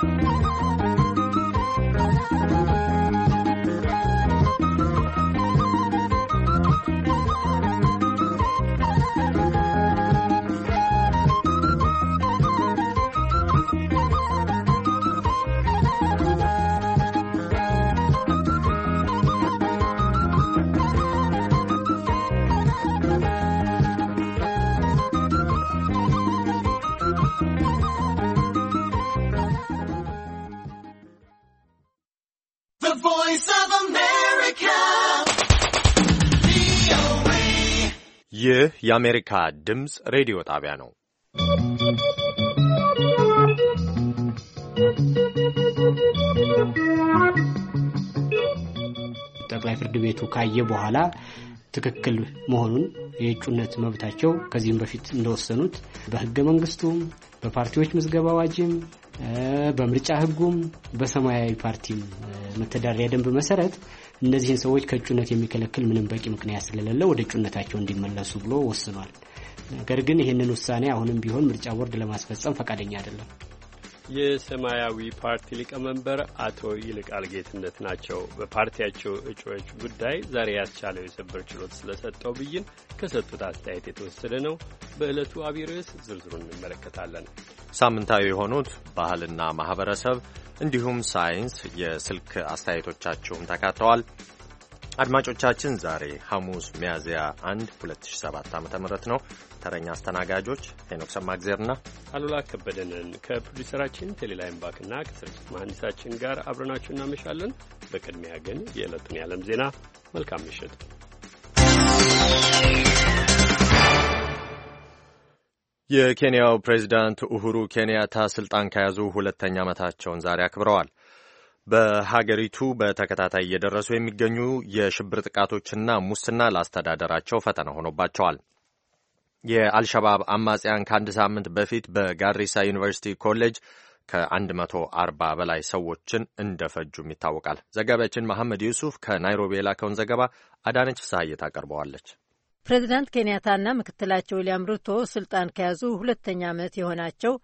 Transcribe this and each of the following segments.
Thank you. የአሜሪካ ድምፅ ሬዲዮ ጣቢያ ነው። ጠቅላይ ፍርድ ቤቱ ካየ በኋላ ትክክል መሆኑን የእጩነት መብታቸው ከዚህም በፊት እንደወሰኑት በህገ መንግስቱም በፓርቲዎች ምዝገባ አዋጅም በምርጫ ህጉም በሰማያዊ ፓርቲም መተዳደሪያ ደንብ መሰረት እነዚህን ሰዎች ከእጩነት የሚከለክል ምንም በቂ ምክንያት ስለሌለ ወደ እጩነታቸው እንዲመለሱ ብሎ ወስኗል። ነገር ግን ይህንን ውሳኔ አሁንም ቢሆን ምርጫ ቦርድ ለማስፈጸም ፈቃደኛ አይደለም። የሰማያዊ ፓርቲ ሊቀመንበር አቶ ይልቃል ጌትነት ናቸው። በፓርቲያቸው እጩዎች ጉዳይ ዛሬ ያስቻለው የሰበር ችሎት ስለሰጠው ብይን ከሰጡት አስተያየት የተወሰደ ነው። በዕለቱ አብርስ ርዕስ ዝርዝሩን እንመለከታለን። ሳምንታዊ የሆኑት ባህልና ማህበረሰብ እንዲሁም ሳይንስ የስልክ አስተያየቶቻችሁም ተካተዋል። አድማጮቻችን ዛሬ ሐሙስ ሚያዝያ 1 2007 ዓ ም ነው። ተረኛ አስተናጋጆች ሄኖክ ሰማግዜርና አሉላ ከበደንን ከፕሮዲሰራችን ቴሌላይም ባክና ከስርጭት መሐንዲሳችን ጋር አብረናችሁ እናመሻለን። በቅድሚያ ግን የዕለቱን የዓለም ዜና። መልካም ምሽት። የኬንያው ፕሬዚዳንት ኡሁሩ ኬንያታ ስልጣን ከያዙ ሁለተኛ ዓመታቸውን ዛሬ አክብረዋል። በሀገሪቱ በተከታታይ እየደረሱ የሚገኙ የሽብር ጥቃቶችና ሙስና ለአስተዳደራቸው ፈተና ሆኖባቸዋል። የአልሸባብ አማጽያን ከአንድ ሳምንት በፊት በጋሪሳ ዩኒቨርሲቲ ኮሌጅ ከ140 በላይ ሰዎችን እንደፈጁም ይታወቃል። ዘጋቢያችን መሐመድ ዩሱፍ ከናይሮቢ የላከውን ዘገባ አዳነች ፍስሐዬ ታቀርበዋለች። ፕሬዚዳንት ኬንያታና ምክትላቸው ዊልያም ሩቶ ስልጣን ከያዙ ሁለተኛ ዓመት የሆናቸው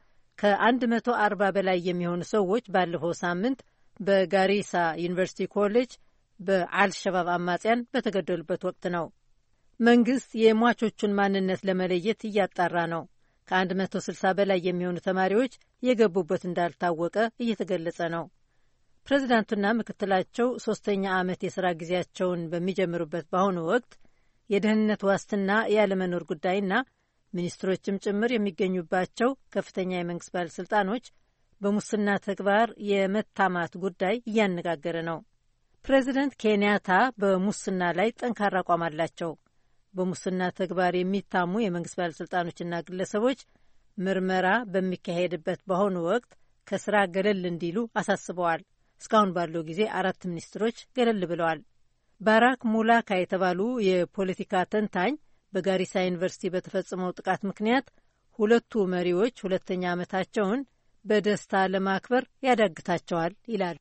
ከ140 በላይ የሚሆኑ ሰዎች ባለፈው ሳምንት በጋሪሳ ዩኒቨርሲቲ ኮሌጅ በአልሸባብ አማጽያን በተገደሉበት ወቅት ነው። መንግስት የሟቾቹን ማንነት ለመለየት እያጣራ ነው። ከ160 በላይ የሚሆኑ ተማሪዎች የገቡበት እንዳልታወቀ እየተገለጸ ነው። ፕሬዚዳንቱና ምክትላቸው ሶስተኛ ዓመት የሥራ ጊዜያቸውን በሚጀምሩበት በአሁኑ ወቅት የደህንነት ዋስትና ያለመኖር ጉዳይና ሚኒስትሮችም ጭምር የሚገኙባቸው ከፍተኛ የመንግሥት ባለሥልጣኖች በሙስና ተግባር የመታማት ጉዳይ እያነጋገረ ነው። ፕሬዚደንት ኬንያታ በሙስና ላይ ጠንካራ አቋም አላቸው። በሙስና ተግባር የሚታሙ የመንግስት ባለሥልጣኖችና ግለሰቦች ምርመራ በሚካሄድበት በአሁኑ ወቅት ከስራ ገለል እንዲሉ አሳስበዋል። እስካሁን ባለው ጊዜ አራት ሚኒስትሮች ገለል ብለዋል። ባራክ ሙላካ የተባሉ የፖለቲካ ተንታኝ በጋሪሳ ዩኒቨርሲቲ በተፈጸመው ጥቃት ምክንያት ሁለቱ መሪዎች ሁለተኛ ዓመታቸውን በደስታ ለማክበር ያዳግታቸዋል ይላል።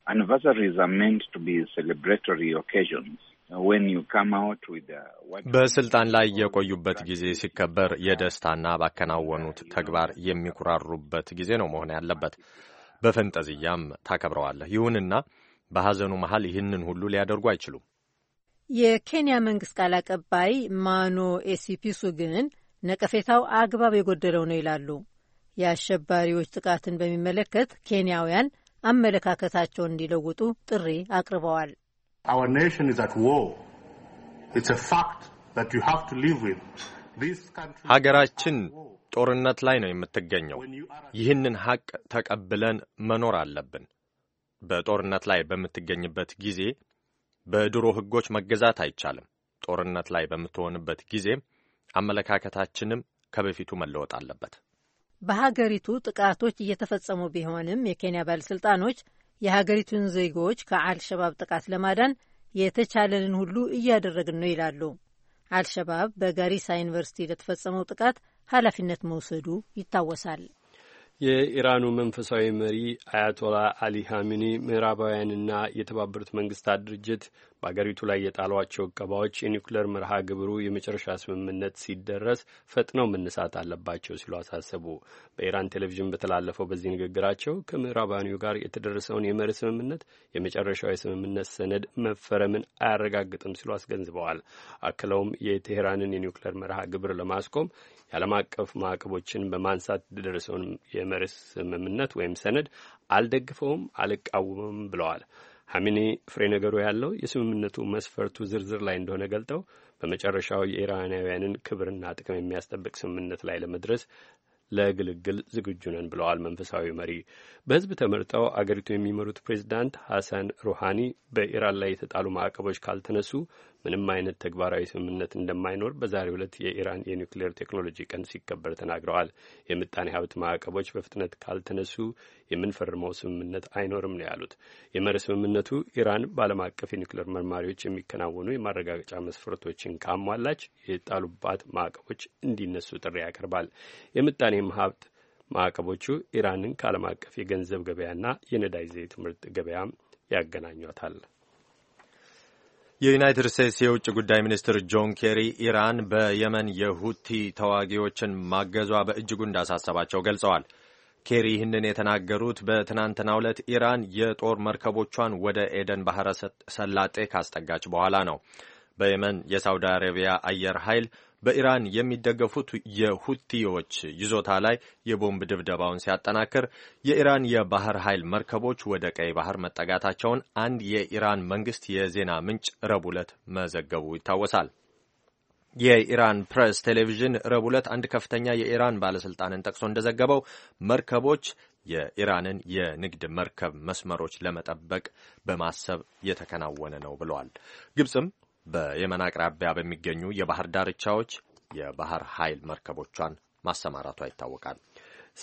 በስልጣን ላይ የቆዩበት ጊዜ ሲከበር የደስታና ባከናወኑት ተግባር የሚኩራሩበት ጊዜ ነው መሆን ያለበት። በፈንጠዝያም ታከብረዋለህ። ይሁንና በሐዘኑ መሃል ይህንን ሁሉ ሊያደርጉ አይችሉም። የኬንያ መንግስት ቃል አቀባይ ማኖ ኤሲፒሱ ግን ነቀፌታው አግባብ የጎደለው ነው ይላሉ። የአሸባሪዎች ጥቃትን በሚመለከት ኬንያውያን አመለካከታቸውን እንዲለውጡ ጥሪ አቅርበዋል። ሀገራችን ጦርነት ላይ ነው የምትገኘው። ይህንን ሀቅ ተቀብለን መኖር አለብን። በጦርነት ላይ በምትገኝበት ጊዜ በድሮ ሕጎች መገዛት አይቻልም። ጦርነት ላይ በምትሆንበት ጊዜ አመለካከታችንም ከበፊቱ መለወጥ አለበት። በሀገሪቱ ጥቃቶች እየተፈጸሙ ቢሆንም የኬንያ ባለሥልጣኖች የሀገሪቱን ዜጎች ከአልሸባብ ጥቃት ለማዳን የተቻለንን ሁሉ እያደረግን ነው ይላሉ። አልሸባብ በጋሪሳ ዩኒቨርሲቲ ለተፈጸመው ጥቃት ኃላፊነት መውሰዱ ይታወሳል። የኢራኑ መንፈሳዊ መሪ አያቶላ አሊ ሀሚኒ ምዕራባውያንና የተባበሩት መንግስታት ድርጅት በአገሪቱ ላይ የጣሏቸው እቀባዎች የኒውክሌር መርሃ ግብሩ የመጨረሻ ስምምነት ሲደረስ ፈጥነው መነሳት አለባቸው ሲሉ አሳሰቡ። በኢራን ቴሌቪዥን በተላለፈው በዚህ ንግግራቸው ከምዕራባውያኑ ጋር የተደረሰውን የመርህ ስምምነት የመጨረሻው የስምምነት ሰነድ መፈረምን አያረጋግጥም ሲሉ አስገንዝበዋል። አክለውም የቴሄራንን የኒውክሌር መርሃ ግብር ለማስቆም የዓለም አቀፍ ማዕቀቦችን በማንሳት ደረሰውን የመርህ ስምምነት ወይም ሰነድ አልደግፈውም፣ አልቃወምም ብለዋል። ሐሚኒ ፍሬ ነገሩ ያለው የስምምነቱ መስፈርቱ ዝርዝር ላይ እንደሆነ ገልጠው በመጨረሻው የኢራናውያንን ክብርና ጥቅም የሚያስጠብቅ ስምምነት ላይ ለመድረስ ለግልግል ዝግጁ ነን ብለዋል። መንፈሳዊ መሪ በሕዝብ ተመርጠው አገሪቱ የሚመሩት ፕሬዚዳንት ሐሰን ሩሃኒ በኢራን ላይ የተጣሉ ማዕቀቦች ካልተነሱ ምንም አይነት ተግባራዊ ስምምነት እንደማይኖር በዛሬው ዕለት የኢራን የኒውክሌር ቴክኖሎጂ ቀን ሲከበር ተናግረዋል። የምጣኔ ሀብት ማዕቀቦች በፍጥነት ካልተነሱ የምንፈርመው ስምምነት አይኖርም ነው ያሉት። የመር ስምምነቱ ኢራን በዓለም አቀፍ የኒውክሌር መርማሪዎች የሚከናወኑ የማረጋገጫ መስፈርቶችን ካሟላች የጣሉባት ማዕቀቦች እንዲነሱ ጥሪ ያቀርባል። የምጣኔ ሀብት ማዕቀቦቹ ኢራንን ከዓለም አቀፍ የገንዘብ ገበያና የነዳጅ ዘይት ምርት ገበያም ያገናኟታል። የዩናይትድ ስቴትስ የውጭ ጉዳይ ሚኒስትር ጆን ኬሪ ኢራን በየመን የሁቲ ተዋጊዎችን ማገዟ በእጅጉ እንዳሳሰባቸው ገልጸዋል። ኬሪ ይህንን የተናገሩት በትናንትናው ዕለት ኢራን የጦር መርከቦቿን ወደ ኤደን ባሕረ ሰላጤ ካስጠጋች በኋላ ነው። በየመን የሳውዲ አረቢያ አየር ኃይል በኢራን የሚደገፉት የሁቲዎች ይዞታ ላይ የቦምብ ድብደባውን ሲያጠናክር የኢራን የባህር ኃይል መርከቦች ወደ ቀይ ባህር መጠጋታቸውን አንድ የኢራን መንግስት የዜና ምንጭ ረቡዕ ዕለት መዘገቡ ይታወሳል። የኢራን ፕሬስ ቴሌቪዥን ረቡዕ ዕለት አንድ ከፍተኛ የኢራን ባለስልጣንን ጠቅሶ እንደዘገበው መርከቦች የኢራንን የንግድ መርከብ መስመሮች ለመጠበቅ በማሰብ የተከናወነ ነው ብለዋል። ግብፅም በየመን አቅራቢያ በሚገኙ የባህር ዳርቻዎች የባህር ኃይል መርከቦቿን ማሰማራቷ ይታወቃል።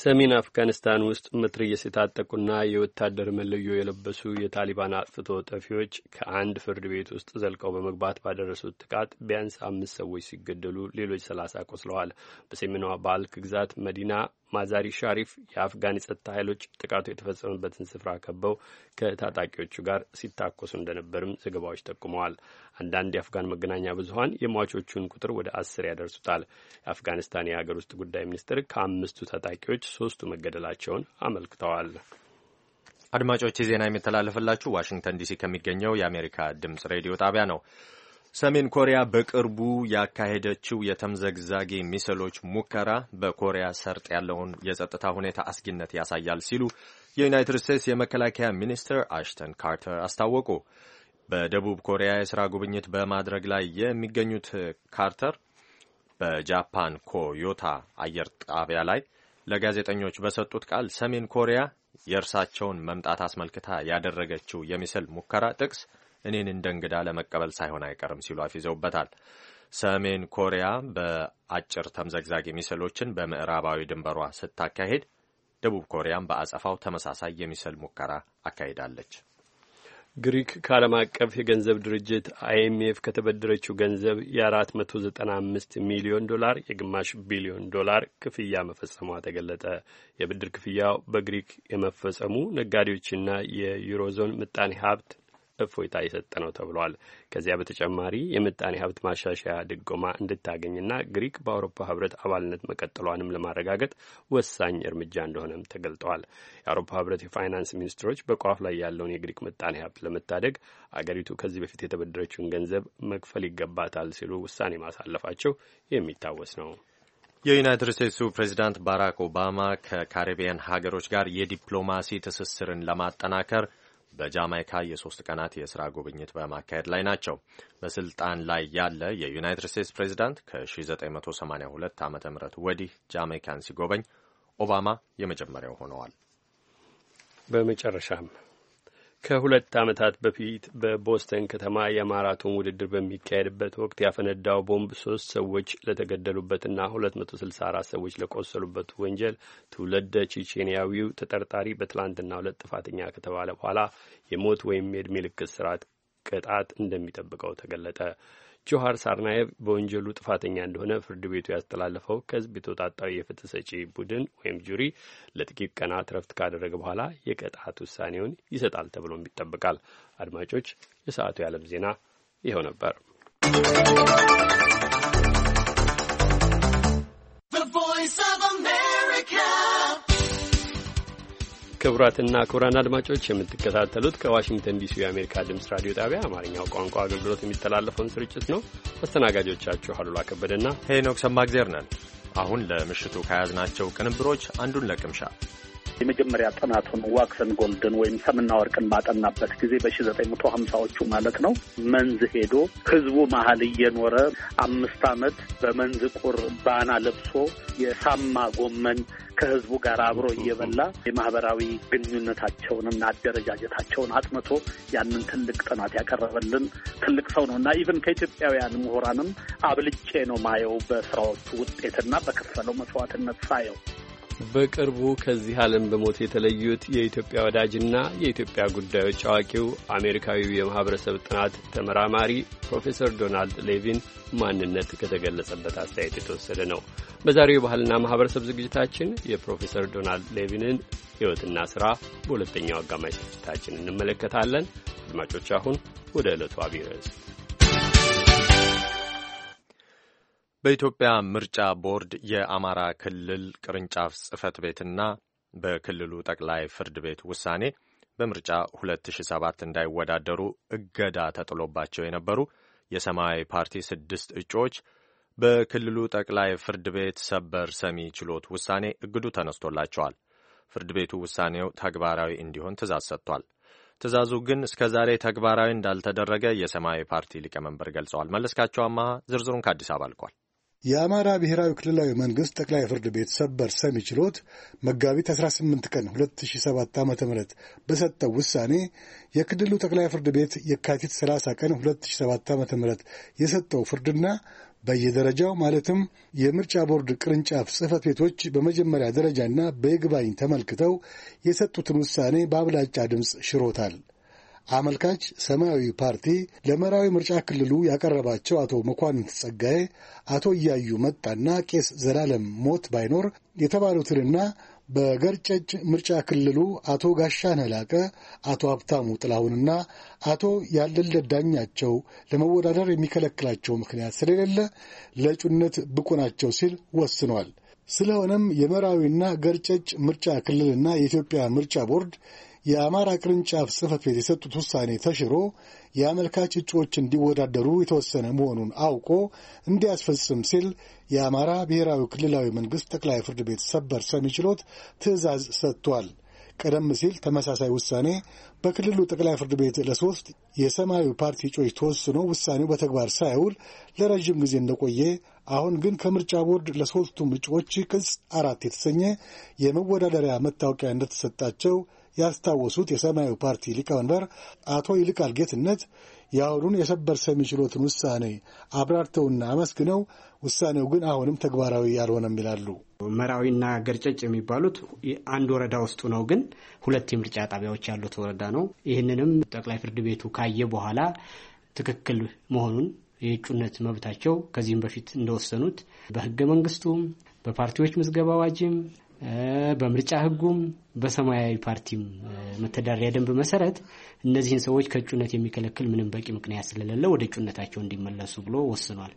ሰሜን አፍጋኒስታን ውስጥ መትረየስ የታጠቁና የወታደር መለዮ የለበሱ የታሊባን አጥፍቶ ጠፊዎች ከአንድ ፍርድ ቤት ውስጥ ዘልቀው በመግባት ባደረሱት ጥቃት ቢያንስ አምስት ሰዎች ሲገደሉ ሌሎች ሰላሳ ቆስለዋል። በሰሜኗ ባልክ ግዛት መዲና ማዛሪ ሻሪፍ የአፍጋን የጸጥታ ኃይሎች ጥቃቱ የተፈጸመበትን ስፍራ ከበው ከታጣቂዎቹ ጋር ሲታኮሱ እንደነበርም ዘገባዎች ጠቁመዋል። አንዳንድ የአፍጋን መገናኛ ብዙኃን የሟቾቹን ቁጥር ወደ አስር ያደርሱታል። የአፍጋኒስታን የሀገር ውስጥ ጉዳይ ሚኒስትር ከአምስቱ ታጣቂዎች ሶስቱ መገደላቸውን አመልክተዋል። አድማጮች ዜና የሚተላለፍላችሁ ዋሽንግተን ዲሲ ከሚገኘው የአሜሪካ ድምጽ ሬዲዮ ጣቢያ ነው። ሰሜን ኮሪያ በቅርቡ ያካሄደችው የተምዘግዛጊ ሚሳይሎች ሙከራ በኮሪያ ሰርጥ ያለውን የጸጥታ ሁኔታ አስጊነት ያሳያል ሲሉ የዩናይትድ ስቴትስ የመከላከያ ሚኒስትር አሽተን ካርተር አስታወቁ። በደቡብ ኮሪያ የሥራ ጉብኝት በማድረግ ላይ የሚገኙት ካርተር በጃፓን ኮዮታ አየር ጣቢያ ላይ ለጋዜጠኞች በሰጡት ቃል ሰሜን ኮሪያ የእርሳቸውን መምጣት አስመልክታ ያደረገችው የሚሳይል ሙከራ ጥቅስ እኔን እንደ እንግዳ ለመቀበል ሳይሆን አይቀርም ሲሉ አፊዘውበታል። ሰሜን ኮሪያ በአጭር ተምዘግዛጊ ሚስሎችን በምዕራባዊ ድንበሯ ስታካሄድ ደቡብ ኮሪያም በአጸፋው ተመሳሳይ የሚስል ሙከራ አካሂዳለች። ግሪክ ከዓለም አቀፍ የገንዘብ ድርጅት አይኤምኤፍ ከተበደረችው ገንዘብ የ495 ሚሊዮን ዶላር የግማሽ ቢሊዮን ዶላር ክፍያ መፈጸሟ ተገለጠ። የብድር ክፍያው በግሪክ የመፈጸሙ ነጋዴዎችና የዩሮዞን ምጣኔ ሀብት እፎይታ የሰጠ ነው ተብሏል። ከዚያ በተጨማሪ የምጣኔ ሀብት ማሻሻያ ድጎማ እንድታገኝና ግሪክ በአውሮፓ ህብረት አባልነት መቀጠሏንም ለማረጋገጥ ወሳኝ እርምጃ እንደሆነም ተገልጠዋል። የአውሮፓ ህብረት የፋይናንስ ሚኒስትሮች በቋፍ ላይ ያለውን የግሪክ ምጣኔ ሀብት ለመታደግ አገሪቱ ከዚህ በፊት የተበደረችውን ገንዘብ መክፈል ይገባታል ሲሉ ውሳኔ ማሳለፋቸው የሚታወስ ነው። የዩናይትድ ስቴትሱ ፕሬዚዳንት ባራክ ኦባማ ከካሪቢያን ሀገሮች ጋር የዲፕሎማሲ ትስስርን ለማጠናከር በጃማይካ የሶስት ቀናት የስራ ጉብኝት በማካሄድ ላይ ናቸው። በስልጣን ላይ ያለ የዩናይትድ ስቴትስ ፕሬዚዳንት ከ1982 ዓ ም ወዲህ ጃማይካን ሲጎበኝ ኦባማ የመጀመሪያው ሆነዋል። በመጨረሻም ከሁለት ዓመታት በፊት በቦስተን ከተማ የማራቶን ውድድር በሚካሄድበት ወቅት ያፈነዳው ቦምብ ሶስት ሰዎች ለተገደሉበትና 264 ሰዎች ለቆሰሉበት ወንጀል ትውልደ ቼቼንያዊው ተጠርጣሪ በትላንትና ሁለት ጥፋተኛ ከተባለ በኋላ የሞት ወይም የዕድሜ ልክ እስራት ቅጣት እንደሚጠብቀው ተገለጠ። ጆሃር ሳርናየቭ በወንጀሉ ጥፋተኛ እንደሆነ ፍርድ ቤቱ ያስተላለፈው ከህዝብ የተውጣጣው የፍትህ ሰጪ ቡድን ወይም ጁሪ ለጥቂት ቀናት ረፍት ካደረገ በኋላ የቅጣት ውሳኔውን ይሰጣል ተብሎም ይጠበቃል። አድማጮች፣ የሰዓቱ የዓለም ዜና ይኸው ነበር። ክቡራትና ክቡራን አድማጮች የምትከታተሉት ከዋሽንግተን ዲሲ የአሜሪካ ድምፅ ራዲዮ ጣቢያ አማርኛው ቋንቋ አገልግሎት የሚተላለፈውን ስርጭት ነው። አስተናጋጆቻችሁ አሉላ ከበደና ሄኖክ ሰማግዜር ነን። አሁን ለምሽቱ ከያዝናቸው ቅንብሮች አንዱን ለቅምሻ የመጀመሪያ ጥናቱን ዋክሰን ጎልድን ወይም ሰምና ወርቅን ባጠናበት ጊዜ በ መቶ ዎቹ ማለት ነው። መንዝ ሄዶ ህዝቡ መሀል እየኖረ አምስት ዓመት በመንዝ ቁር ባና ለብሶ የሳማ ጎመን ከህዝቡ ጋር አብሮ እየበላ የማህበራዊ ግንኙነታቸውንና አደረጃጀታቸውን አጥንቶ ያንን ትልቅ ጥናት ያቀረበልን ትልቅ ሰው ነው እና ኢቨን ከኢትዮጵያውያን ምሁራንም አብልጬ ነው ማየው በስራዎቹ ውጤትና በከፈለው መስዋዕትነት ሳየው በቅርቡ ከዚህ ዓለም በሞት የተለዩት የኢትዮጵያ ወዳጅና የኢትዮጵያ ጉዳዮች አዋቂው አሜሪካዊው የማኅበረሰብ ጥናት ተመራማሪ ፕሮፌሰር ዶናልድ ሌቪን ማንነት ከተገለጸበት አስተያየት የተወሰደ ነው። በዛሬው የባህልና ማኅበረሰብ ዝግጅታችን የፕሮፌሰር ዶናልድ ሌቪንን ሕይወትና ሥራ በሁለተኛው አጋማሽ ዝግጅታችን እንመለከታለን። አድማጮች አሁን ወደ ዕለቱ አብይ ርዕስ በኢትዮጵያ ምርጫ ቦርድ የአማራ ክልል ቅርንጫፍ ጽህፈት ቤትና በክልሉ ጠቅላይ ፍርድ ቤት ውሳኔ በምርጫ 2007 እንዳይወዳደሩ እገዳ ተጥሎባቸው የነበሩ የሰማያዊ ፓርቲ ስድስት እጩዎች በክልሉ ጠቅላይ ፍርድ ቤት ሰበር ሰሚ ችሎት ውሳኔ እግዱ ተነስቶላቸዋል። ፍርድ ቤቱ ውሳኔው ተግባራዊ እንዲሆን ትእዛዝ ሰጥቷል። ትእዛዙ ግን እስከ ዛሬ ተግባራዊ እንዳልተደረገ የሰማያዊ ፓርቲ ሊቀመንበር ገልጸዋል። መለስካቸው አማሃ ዝርዝሩን ከአዲስ አበባ ልኳል። የአማራ ብሔራዊ ክልላዊ መንግሥት ጠቅላይ ፍርድ ቤት ሰበር ሰሚ ችሎት መጋቢት 18 ቀን 2007 ዓ ም በሰጠው ውሳኔ የክልሉ ጠቅላይ ፍርድ ቤት የካቲት 30 ቀን 2007 ዓ ም የሰጠው ፍርድና በየደረጃው ማለትም የምርጫ ቦርድ ቅርንጫፍ ጽህፈት ቤቶች በመጀመሪያ ደረጃና በይግባኝ ተመልክተው የሰጡትን ውሳኔ በአብላጫ ድምፅ ሽሮታል። አመልካች ሰማያዊ ፓርቲ ለመራዊ ምርጫ ክልሉ ያቀረባቸው አቶ መኳንንት ጸጋዬ፣ አቶ እያዩ መጣና ቄስ ዘላለም ሞት ባይኖር የተባሉትንና በገርጨጭ ምርጫ ክልሉ አቶ ጋሻነህ ላቀ፣ አቶ ሀብታሙ ጥላሁንና አቶ ያለልደት ዳኛቸው ለመወዳደር የሚከለክላቸው ምክንያት ስለሌለ ለእጩነት ብቁ ናቸው ሲል ወስኗል። ስለሆነም የመራዊና ገርጨጭ ምርጫ ክልልና የኢትዮጵያ ምርጫ ቦርድ የአማራ ቅርንጫፍ ጽህፈት ቤት የሰጡት ውሳኔ ተሽሮ የአመልካች እጩዎች እንዲወዳደሩ የተወሰነ መሆኑን አውቆ እንዲያስፈጽም ሲል የአማራ ብሔራዊ ክልላዊ መንግሥት ጠቅላይ ፍርድ ቤት ሰበር ሰሚ ችሎት ትዕዛዝ ሰጥቷል። ቀደም ሲል ተመሳሳይ ውሳኔ በክልሉ ጠቅላይ ፍርድ ቤት ለሶስት የሰማያዊ ፓርቲ እጩዎች ተወስኖ ውሳኔው በተግባር ሳይውል ለረዥም ጊዜ እንደቆየ፣ አሁን ግን ከምርጫ ቦርድ ለሶስቱም እጩዎች ቅጽ አራት የተሰኘ የመወዳደሪያ መታወቂያ እንደተሰጣቸው ያስታወሱት የሰማያዊ ፓርቲ ሊቀመንበር አቶ ይልቃል ጌትነት የአሁኑን የሰበር ሰሚ ችሎትን ውሳኔ አብራርተውና አመስግነው ውሳኔው ግን አሁንም ተግባራዊ ያልሆነም ይላሉ። መራዊና ገርጨጭ የሚባሉት አንድ ወረዳ ውስጡ ነው፣ ግን ሁለት የምርጫ ጣቢያዎች ያሉት ወረዳ ነው። ይህንንም ጠቅላይ ፍርድ ቤቱ ካየ በኋላ ትክክል መሆኑን የእጩነት መብታቸው ከዚህም በፊት እንደወሰኑት በህገ መንግስቱም በፓርቲዎች ምዝገባ አዋጅም በምርጫ ህጉም በሰማያዊ ፓርቲም መተዳደሪያ ደንብ መሰረት እነዚህን ሰዎች ከእጩነት የሚከለክል ምንም በቂ ምክንያት ስለሌለ ወደ እጩነታቸው እንዲመለሱ ብሎ ወስኗል።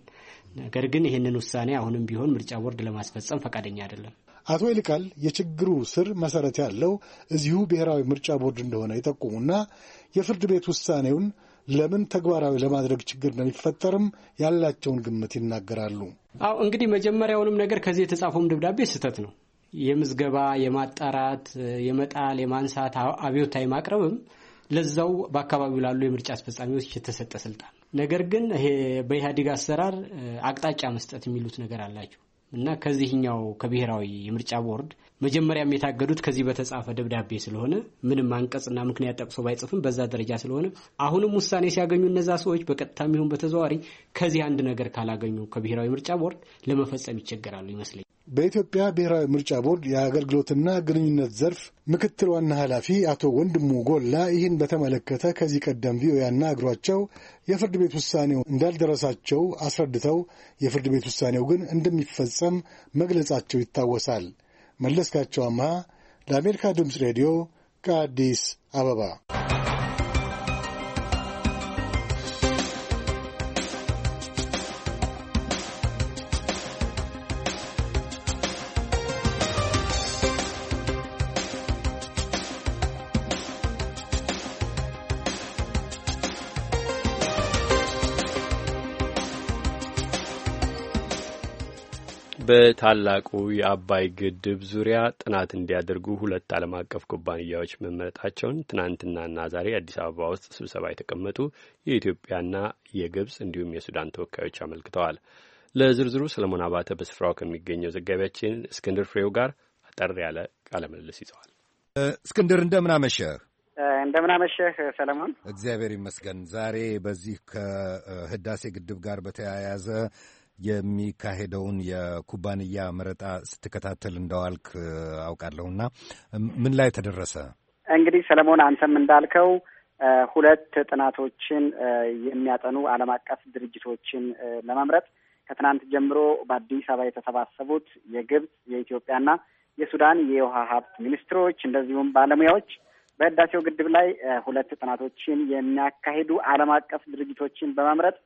ነገር ግን ይህንን ውሳኔ አሁንም ቢሆን ምርጫ ቦርድ ለማስፈጸም ፈቃደኛ አይደለም። አቶ ይልቃል የችግሩ ስር መሰረት ያለው እዚሁ ብሔራዊ ምርጫ ቦርድ እንደሆነ ይጠቁሙና የፍርድ ቤት ውሳኔውን ለምን ተግባራዊ ለማድረግ ችግር እንደሚፈጠርም ያላቸውን ግምት ይናገራሉ። አዎ እንግዲህ መጀመሪያውንም ነገር ከዚህ የተጻፈውም ደብዳቤ ስህተት ነው። የምዝገባ የማጣራት የመጣል የማንሳት አብዮታዊ የማቅረብም ለዛው በአካባቢው ላሉ የምርጫ አስፈጻሚዎች የተሰጠ ስልጣን። ነገር ግን ይሄ በኢህአዴግ አሰራር አቅጣጫ መስጠት የሚሉት ነገር አላቸው እና ከዚህኛው ከብሔራዊ የምርጫ ቦርድ መጀመሪያም የታገዱት ከዚህ በተጻፈ ደብዳቤ ስለሆነ ምንም አንቀጽና ምክንያት ጠቅሶ ባይጽፍም በዛ ደረጃ ስለሆነ አሁንም ውሳኔ ሲያገኙ እነዛ ሰዎች በቀጥታም ይሁን በተዘዋዋሪ ከዚህ አንድ ነገር ካላገኙ ከብሔራዊ ምርጫ ቦርድ ለመፈጸም ይቸገራሉ ይመስለኛል። በኢትዮጵያ ብሔራዊ ምርጫ ቦርድ የአገልግሎትና ግንኙነት ዘርፍ ምክትል ዋና ኃላፊ አቶ ወንድሙ ጎላ ይህን በተመለከተ ከዚህ ቀደም ቪኦኤ ያናግሯቸው የፍርድ ቤት ውሳኔው እንዳልደረሳቸው አስረድተው የፍርድ ቤት ውሳኔው ግን እንደሚፈጸም መግለጻቸው ይታወሳል። መለስካቸው አምሃ ለአሜሪካ ድምፅ ሬዲዮ ከአዲስ አበባ በታላቁ የአባይ ግድብ ዙሪያ ጥናት እንዲያደርጉ ሁለት ዓለም አቀፍ ኩባንያዎች መመረጣቸውን ትናንትናና ዛሬ አዲስ አበባ ውስጥ ስብሰባ የተቀመጡ የኢትዮጵያና የግብፅ እንዲሁም የሱዳን ተወካዮች አመልክተዋል። ለዝርዝሩ ሰለሞን አባተ በስፍራው ከሚገኘው ዘጋቢያችን እስክንድር ፍሬው ጋር አጠር ያለ ቃለ ምልልስ ይዘዋል። እስክንድር እንደምን አመሸህ? እንደምን አመሸህ ሰለሞን። እግዚአብሔር ይመስገን። ዛሬ በዚህ ከህዳሴ ግድብ ጋር በተያያዘ የሚካሄደውን የኩባንያ መረጣ ስትከታተል እንደዋልክ አውቃለሁና ምን ላይ ተደረሰ? እንግዲህ ሰለሞን፣ አንተም እንዳልከው ሁለት ጥናቶችን የሚያጠኑ ዓለም አቀፍ ድርጅቶችን ለመምረጥ ከትናንት ጀምሮ በአዲስ አበባ የተሰባሰቡት የግብፅ የኢትዮጵያና የሱዳን የውሃ ሀብት ሚኒስትሮች እንደዚሁም ባለሙያዎች በህዳሴው ግድብ ላይ ሁለት ጥናቶችን የሚያካሂዱ ዓለም አቀፍ ድርጅቶችን በመምረጥ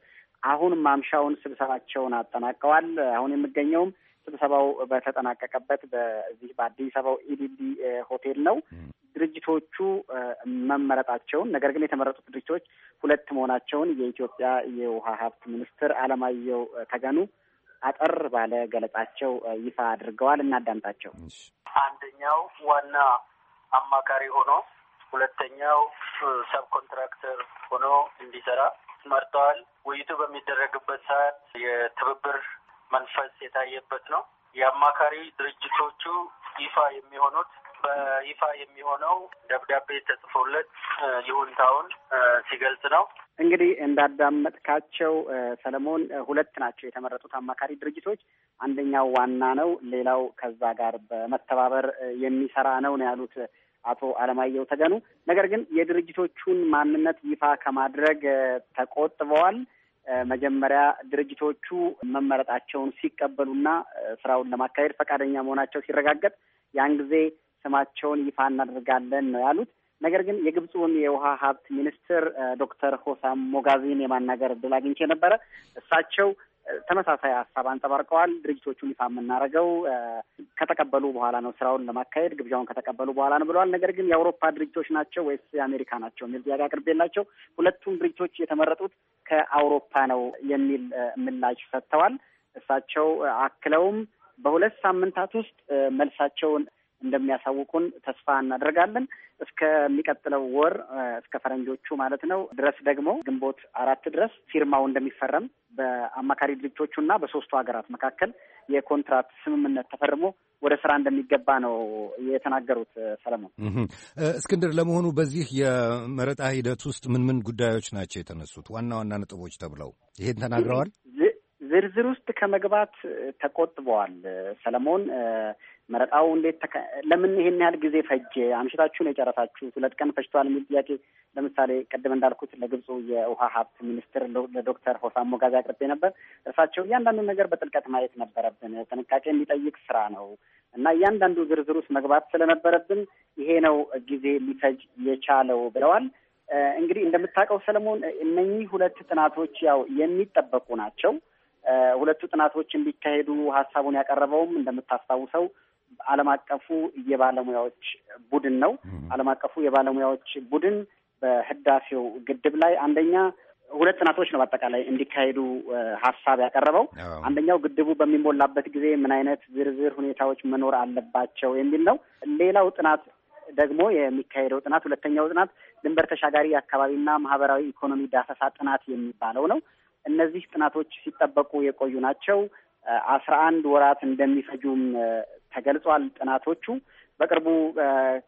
አሁን ማምሻውን ስብሰባቸውን አጠናቀዋል። አሁን የምገኘውም ስብሰባው በተጠናቀቀበት በዚህ በአዲስ አበባው ኢዲዲ ሆቴል ነው። ድርጅቶቹ መመረጣቸውን ነገር ግን የተመረጡት ድርጅቶች ሁለት መሆናቸውን የኢትዮጵያ የውሃ ሀብት ሚኒስትር አለማየሁ ተገኑ አጠር ባለ ገለጻቸው ይፋ አድርገዋል። እናዳምጣቸው። አንደኛው ዋና አማካሪ ሆኖ ሁለተኛው ሰብ ኮንትራክተር ሆኖ እንዲሰራ መርጠዋል። ውይይቱ በሚደረግበት ሰዓት የትብብር መንፈስ የታየበት ነው። የአማካሪ ድርጅቶቹ ይፋ የሚሆኑት በይፋ የሚሆነው ደብዳቤ ተጽፎለት ይሁንታውን ሲገልጽ ነው። እንግዲህ እንዳዳመጥካቸው ሰለሞን፣ ሁለት ናቸው የተመረጡት አማካሪ ድርጅቶች። አንደኛው ዋና ነው፣ ሌላው ከዛ ጋር በመተባበር የሚሰራ ነው ነው ያሉት አቶ አለማየሁ ተገኑ። ነገር ግን የድርጅቶቹን ማንነት ይፋ ከማድረግ ተቆጥበዋል። መጀመሪያ ድርጅቶቹ መመረጣቸውን ሲቀበሉና ስራውን ለማካሄድ ፈቃደኛ መሆናቸው ሲረጋገጥ ያን ጊዜ ስማቸውን ይፋ እናደርጋለን ነው ያሉት። ነገር ግን የግብፁን የውሃ ሀብት ሚኒስትር ዶክተር ሆሳም ሞጋዚን የማናገር እድል አግኝቼ ነበረ። እሳቸው ተመሳሳይ ሀሳብ አንጸባርቀዋል። ድርጅቶቹን ይፋ የምናደርገው ከተቀበሉ በኋላ ነው፣ ስራውን ለማካሄድ ግብዣውን ከተቀበሉ በኋላ ነው ብለዋል። ነገር ግን የአውሮፓ ድርጅቶች ናቸው ወይስ የአሜሪካ ናቸው የሚል ጥያቄ አቅርቤላቸው ሁለቱም ድርጅቶች የተመረጡት ከአውሮፓ ነው የሚል ምላሽ ሰጥተዋል። እሳቸው አክለውም በሁለት ሳምንታት ውስጥ መልሳቸውን እንደሚያሳውቁን ተስፋ እናደርጋለን። እስከሚቀጥለው ወር እስከ ፈረንጆቹ ማለት ነው ድረስ ደግሞ ግንቦት አራት ድረስ ፊርማው እንደሚፈረም በአማካሪ ድርጅቶቹ እና በሶስቱ ሀገራት መካከል የኮንትራት ስምምነት ተፈርሞ ወደ ስራ እንደሚገባ ነው የተናገሩት። ሰለሞን እስክንድር፣ ለመሆኑ በዚህ የመረጣ ሂደት ውስጥ ምን ምን ጉዳዮች ናቸው የተነሱት ዋና ዋና ነጥቦች ተብለው ይሄን ተናግረዋል? ዝርዝር ውስጥ ከመግባት ተቆጥበዋል ሰለሞን መረጣው እንዴት ለምን ይሄን ያህል ጊዜ ፈጀ? አምሽታችሁን የጨረሳችሁ? ሁለት ቀን ፈጅተዋል የሚል ጥያቄ ለምሳሌ ቅድም እንዳልኩት ለግብፁ የውሃ ሀብት ሚኒስትር ለዶክተር ሆሳን ሞጋዝ አቅርቤ ነበር። እርሳቸው እያንዳንዱ ነገር በጥልቀት ማየት ነበረብን፣ ጥንቃቄ የሚጠይቅ ስራ ነው እና እያንዳንዱ ዝርዝር ውስጥ መግባት ስለነበረብን ይሄ ነው ጊዜ ሊፈጅ የቻለው ብለዋል። እንግዲህ እንደምታውቀው ሰለሞን፣ እነኚህ ሁለት ጥናቶች ያው የሚጠበቁ ናቸው። ሁለቱ ጥናቶች እንዲካሄዱ ሀሳቡን ያቀረበውም እንደምታስታውሰው ዓለም አቀፉ የባለሙያዎች ቡድን ነው። ዓለም አቀፉ የባለሙያዎች ቡድን በህዳሴው ግድብ ላይ አንደኛ ሁለት ጥናቶች ነው በአጠቃላይ እንዲካሄዱ ሀሳብ ያቀረበው። አንደኛው ግድቡ በሚሞላበት ጊዜ ምን አይነት ዝርዝር ሁኔታዎች መኖር አለባቸው የሚል ነው። ሌላው ጥናት ደግሞ የሚካሄደው ጥናት ሁለተኛው ጥናት ድንበር ተሻጋሪ አካባቢና ማህበራዊ ኢኮኖሚ ዳሰሳ ጥናት የሚባለው ነው። እነዚህ ጥናቶች ሲጠበቁ የቆዩ ናቸው። አስራ አንድ ወራት እንደሚፈጁም ተገልጿል። ጥናቶቹ በቅርቡ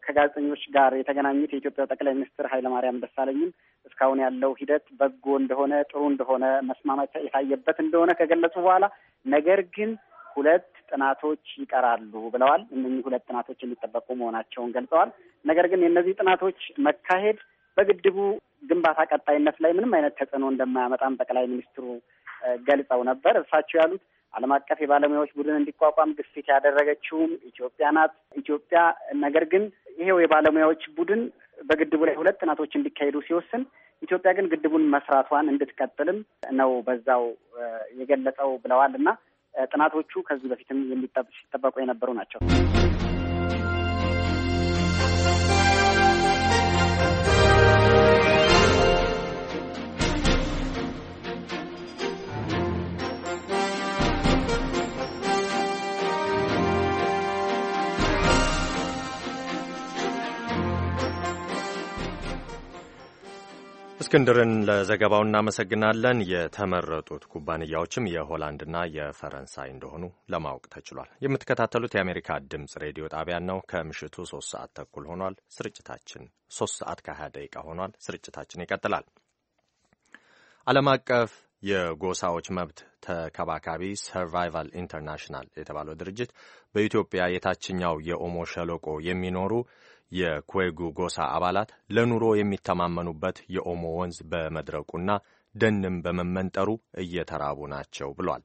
ከጋዜጠኞች ጋር የተገናኙት የኢትዮጵያ ጠቅላይ ሚኒስትር ኃይለማርያም ደሳለኝም እስካሁን ያለው ሂደት በጎ እንደሆነ፣ ጥሩ እንደሆነ፣ መስማማት የታየበት እንደሆነ ከገለጹ በኋላ ነገር ግን ሁለት ጥናቶች ይቀራሉ ብለዋል። እነኚህ ሁለት ጥናቶች የሚጠበቁ መሆናቸውን ገልጸዋል። ነገር ግን የእነዚህ ጥናቶች መካሄድ በግድቡ ግንባታ ቀጣይነት ላይ ምንም አይነት ተጽዕኖ እንደማያመጣም ጠቅላይ ሚኒስትሩ ገልጸው ነበር። እርሳቸው ያሉት ዓለም አቀፍ የባለሙያዎች ቡድን እንዲቋቋም ግፊት ያደረገችውም ኢትዮጵያ ናት። ኢትዮጵያ ነገር ግን ይሄው የባለሙያዎች ቡድን በግድቡ ላይ ሁለት ጥናቶች እንዲካሄዱ ሲወስን ኢትዮጵያ ግን ግድቡን መስራቷን እንድትቀጥልም ነው በዛው የገለጸው ብለዋል እና ጥናቶቹ ከዚህ በፊትም የሚጠበቁ የነበሩ ናቸው። እስክንድርን ለዘገባው እናመሰግናለን። የተመረጡት ኩባንያዎችም የሆላንድና የፈረንሳይ እንደሆኑ ለማወቅ ተችሏል። የምትከታተሉት የአሜሪካ ድምፅ ሬዲዮ ጣቢያን ነው። ከምሽቱ ሶስት ሰዓት ተኩል ሆኗል። ስርጭታችን ሶስት ሰዓት ከሀያ ደቂቃ ሆኗል። ስርጭታችን ይቀጥላል። ዓለም አቀፍ የጎሳዎች መብት ተከባካቢ ሰርቫይቫል ኢንተርናሽናል የተባለው ድርጅት በኢትዮጵያ የታችኛው የኦሞ ሸለቆ የሚኖሩ የኩዌጉ ጎሳ አባላት ለኑሮ የሚተማመኑበት የኦሞ ወንዝ በመድረቁና ደንም በመመንጠሩ እየተራቡ ናቸው ብሏል።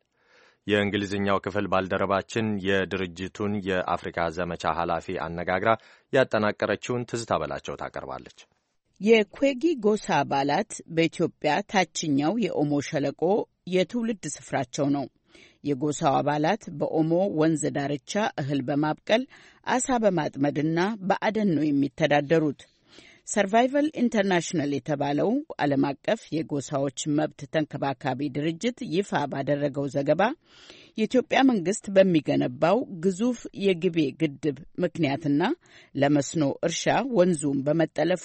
የእንግሊዝኛው ክፍል ባልደረባችን የድርጅቱን የአፍሪካ ዘመቻ ኃላፊ አነጋግራ ያጠናቀረችውን ትዝታ በላቸው ታቀርባለች። የኩዌጊ ጎሳ አባላት በኢትዮጵያ ታችኛው የኦሞ ሸለቆ የትውልድ ስፍራቸው ነው። የጎሳው አባላት በኦሞ ወንዝ ዳርቻ እህል በማብቀል አሳ በማጥመድና በአደን ነው የሚተዳደሩት። ሰርቫይቫል ኢንተርናሽናል የተባለው ዓለም አቀፍ የጎሳዎች መብት ተንከባካቢ ድርጅት ይፋ ባደረገው ዘገባ የኢትዮጵያ መንግስት በሚገነባው ግዙፍ የግቤ ግድብ ምክንያትና ለመስኖ እርሻ ወንዙን በመጠለፉ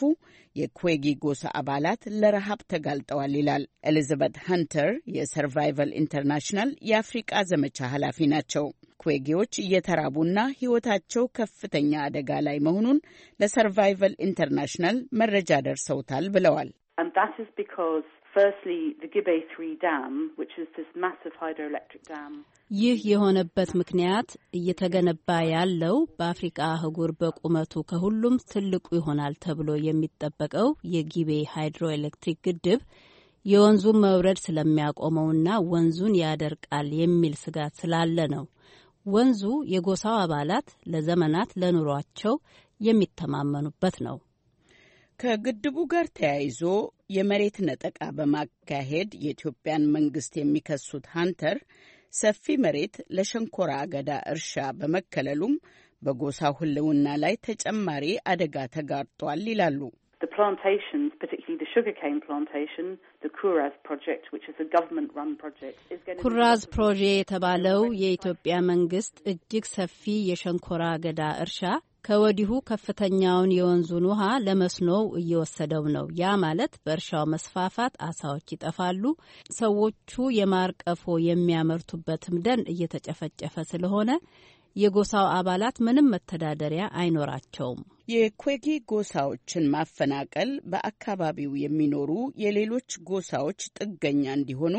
የኩዌጊ ጎሳ አባላት ለረሃብ ተጋልጠዋል ይላል። ኤሊዛቤት ሀንተር የሰርቫይቫል ኢንተርናሽናል የአፍሪቃ ዘመቻ ኃላፊ ናቸው። ኩዌጌዎች እየተራቡና ህይወታቸው ከፍተኛ አደጋ ላይ መሆኑን ለሰርቫይቫል ኢንተርናሽናል መረጃ ደርሰውታል ብለዋል። And that is because firstly, the Gibe 3 dam, which is this massive hydroelectric dam. ይህ የሆነበት ምክንያት እየተገነባ ያለው በአፍሪቃ አህጉር በቁመቱ ከሁሉም ትልቁ ይሆናል ተብሎ የሚጠበቀው የጊቤ ሃይድሮኤሌክትሪክ ግድብ የወንዙን መውረድ ስለሚያቆመውና ወንዙን ያደርቃል የሚል ስጋት ስላለ ነው። ወንዙ የጎሳው አባላት ለዘመናት ለኑሯቸው የሚተማመኑበት ነው። ከግድቡ ጋር ተያይዞ የመሬት ነጠቃ በማካሄድ የኢትዮጵያን መንግስት የሚከሱት ሀንተር ሰፊ መሬት ለሸንኮራ አገዳ እርሻ በመከለሉም በጎሳ ሁልውና ላይ ተጨማሪ አደጋ ተጋርጧል ይላሉ። ኩራዝ ፕሮጄ የተባለው የኢትዮጵያ መንግስት እጅግ ሰፊ የሸንኮራ አገዳ እርሻ ከወዲሁ ከፍተኛውን የወንዙን ውሃ ለመስኖው እየወሰደው ነው። ያ ማለት በእርሻው መስፋፋት አሳዎች ይጠፋሉ። ሰዎቹ የማርቀፎ የሚያመርቱበትም ደን እየተጨፈጨፈ ስለሆነ የጎሳው አባላት ምንም መተዳደሪያ አይኖራቸውም። የኮጊ ጎሳዎችን ማፈናቀል በአካባቢው የሚኖሩ የሌሎች ጎሳዎች ጥገኛ እንዲሆኑ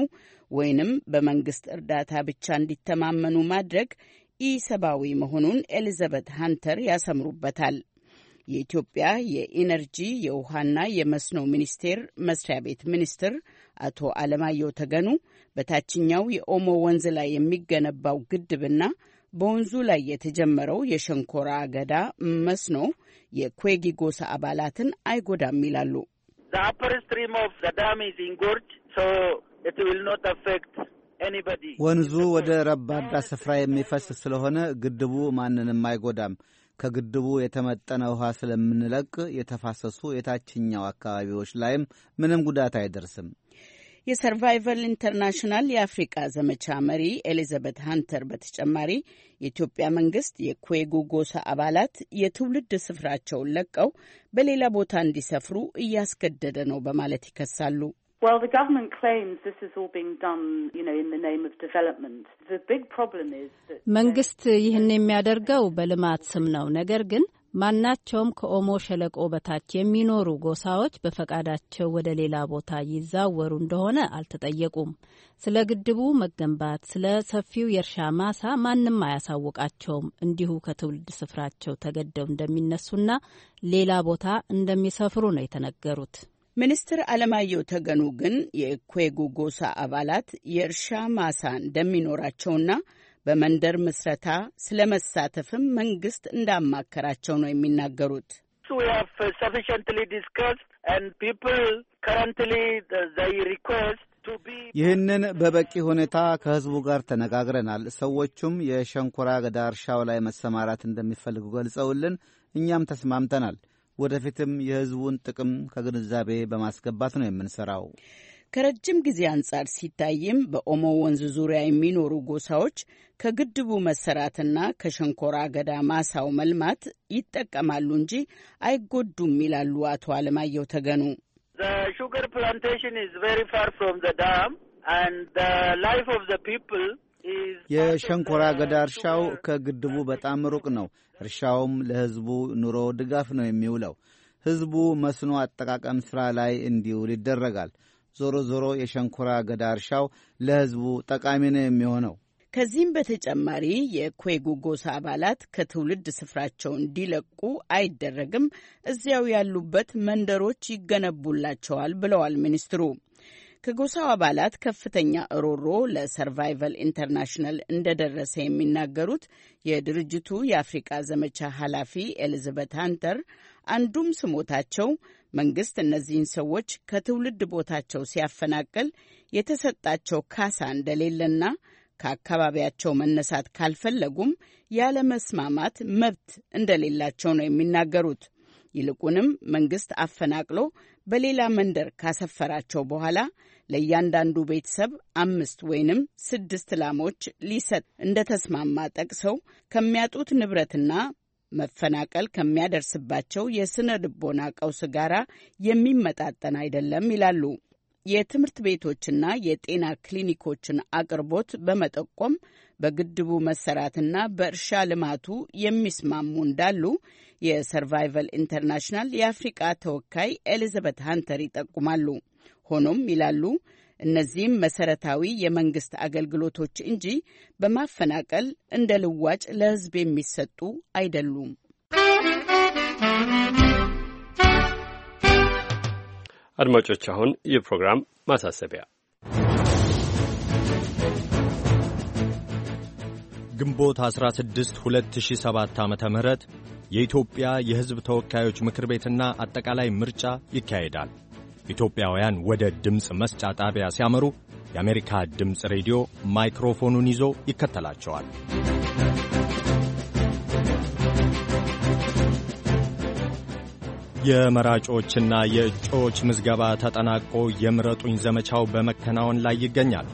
ወይንም በመንግስት እርዳታ ብቻ እንዲተማመኑ ማድረግ ኢሰብአዊ መሆኑን ኤሊዛቤት ሃንተር ያሰምሩበታል። የኢትዮጵያ የኢነርጂ የውሃና የመስኖ ሚኒስቴር መስሪያ ቤት ሚኒስትር አቶ አለማየሁ ተገኑ በታችኛው የኦሞ ወንዝ ላይ የሚገነባው ግድብና በወንዙ ላይ የተጀመረው የሸንኮራ አገዳ መስኖ የኩዌጊ ጎሳ አባላትን አይጎዳም ይላሉ። ወንዙ ወደ ረባዳ ስፍራ የሚፈስ ስለሆነ ግድቡ ማንንም አይጎዳም። ከግድቡ የተመጠነ ውሃ ስለምንለቅ የተፋሰሱ የታችኛው አካባቢዎች ላይም ምንም ጉዳት አይደርስም። የሰርቫይቨል ኢንተርናሽናል የአፍሪቃ ዘመቻ መሪ ኤሊዛቤት ሃንተር በተጨማሪ የኢትዮጵያ መንግስት የኩዌጎ ጎሳ አባላት የትውልድ ስፍራቸውን ለቀው በሌላ ቦታ እንዲሰፍሩ እያስገደደ ነው በማለት ይከሳሉ። Well, the government claims this is all being done, you know, in the name of development. The big problem is that መንግስት ይህን የሚያደርገው በልማት ስም ነው። ነገር ግን ማናቸውም ከኦሞ ሸለቆ በታች የሚኖሩ ጎሳዎች በፈቃዳቸው ወደ ሌላ ቦታ ይዛወሩ እንደሆነ አልተጠየቁም። ስለ ግድቡ መገንባት፣ ስለ ሰፊው የእርሻ ማሳ ማንም አያሳውቃቸውም። እንዲሁ ከትውልድ ስፍራቸው ተገደው እንደሚነሱና ሌላ ቦታ እንደሚሰፍሩ ነው የተነገሩት። ሚኒስትር አለማየሁ ተገኑ ግን የኩዌጉ ጎሳ አባላት የእርሻ ማሳ እንደሚኖራቸውና በመንደር ምስረታ ስለ መሳተፍም መንግስት እንዳማከራቸው ነው የሚናገሩት። uh, uh, ይህንን በበቂ ሁኔታ ከህዝቡ ጋር ተነጋግረናል። ሰዎቹም የሸንኮራ ገዳ እርሻው ላይ መሰማራት እንደሚፈልጉ ገልጸውልን እኛም ተስማምተናል። ወደፊትም የሕዝቡን ጥቅም ከግንዛቤ በማስገባት ነው የምንሰራው። ከረጅም ጊዜ አንጻር ሲታይም በኦሞ ወንዝ ዙሪያ የሚኖሩ ጎሳዎች ከግድቡ መሰራትና ከሸንኮራ አገዳ ማሳው መልማት ይጠቀማሉ እንጂ አይጎዱም ይላሉ አቶ አለማየሁ ተገኑ። ሹገር ፕላንቴሽን ኢዝ ቬሪ ፋር ፍሮም ዘ ዳም አንድ ላይፍ ኦፍ ዘ ፒፕል የሸንኮራ አገዳ እርሻው ከግድቡ በጣም ሩቅ ነው። እርሻውም ለሕዝቡ ኑሮ ድጋፍ ነው የሚውለው። ሕዝቡ መስኖ አጠቃቀም ሥራ ላይ እንዲውል ይደረጋል። ዞሮ ዞሮ የሸንኮራ አገዳ እርሻው ለሕዝቡ ጠቃሚ ነው የሚሆነው። ከዚህም በተጨማሪ የኮጉ ጎሳ አባላት ከትውልድ ስፍራቸው እንዲለቁ አይደረግም፣ እዚያው ያሉበት መንደሮች ይገነቡላቸዋል ብለዋል ሚኒስትሩ። ከጎሳው አባላት ከፍተኛ እሮሮ ለሰርቫይቫል ኢንተርናሽናል እንደደረሰ የሚናገሩት የድርጅቱ የአፍሪቃ ዘመቻ ኃላፊ ኤልዝበት ሃንተር አንዱም ስሞታቸው መንግስት እነዚህን ሰዎች ከትውልድ ቦታቸው ሲያፈናቅል የተሰጣቸው ካሳ እንደሌለና ከአካባቢያቸው መነሳት ካልፈለጉም ያለመስማማት መብት እንደሌላቸው ነው የሚናገሩት። ይልቁንም መንግስት አፈናቅሎ በሌላ መንደር ካሰፈራቸው በኋላ ለእያንዳንዱ ቤተሰብ አምስት ወይንም ስድስት ላሞች ሊሰጥ እንደተስማማ ጠቅሰው ከሚያጡት ንብረትና መፈናቀል ከሚያደርስባቸው የስነ ልቦና ቀውስ ጋራ የሚመጣጠን አይደለም ይላሉ። የትምህርት ቤቶችና የጤና ክሊኒኮችን አቅርቦት በመጠቆም በግድቡ መሰራትና በእርሻ ልማቱ የሚስማሙ እንዳሉ የሰርቫይቫል ኢንተርናሽናል የአፍሪቃ ተወካይ ኤሊዛቤት ሃንተር ይጠቁማሉ። ሆኖም ይላሉ እነዚህም መሰረታዊ የመንግስት አገልግሎቶች እንጂ በማፈናቀል እንደ ልዋጭ ለህዝብ የሚሰጡ አይደሉም። አድማጮች፣ አሁን የፕሮግራም ማሳሰቢያ ግንቦት 16 2007 ዓ ም የኢትዮጵያ የሕዝብ ተወካዮች ምክር ቤትና አጠቃላይ ምርጫ ይካሄዳል። ኢትዮጵያውያን ወደ ድምፅ መስጫ ጣቢያ ሲያመሩ የአሜሪካ ድምፅ ሬዲዮ ማይክሮፎኑን ይዞ ይከተላቸዋል። የመራጮችና የእጩዎች ምዝገባ ተጠናቆ የምረጡኝ ዘመቻው በመከናወን ላይ ይገኛል።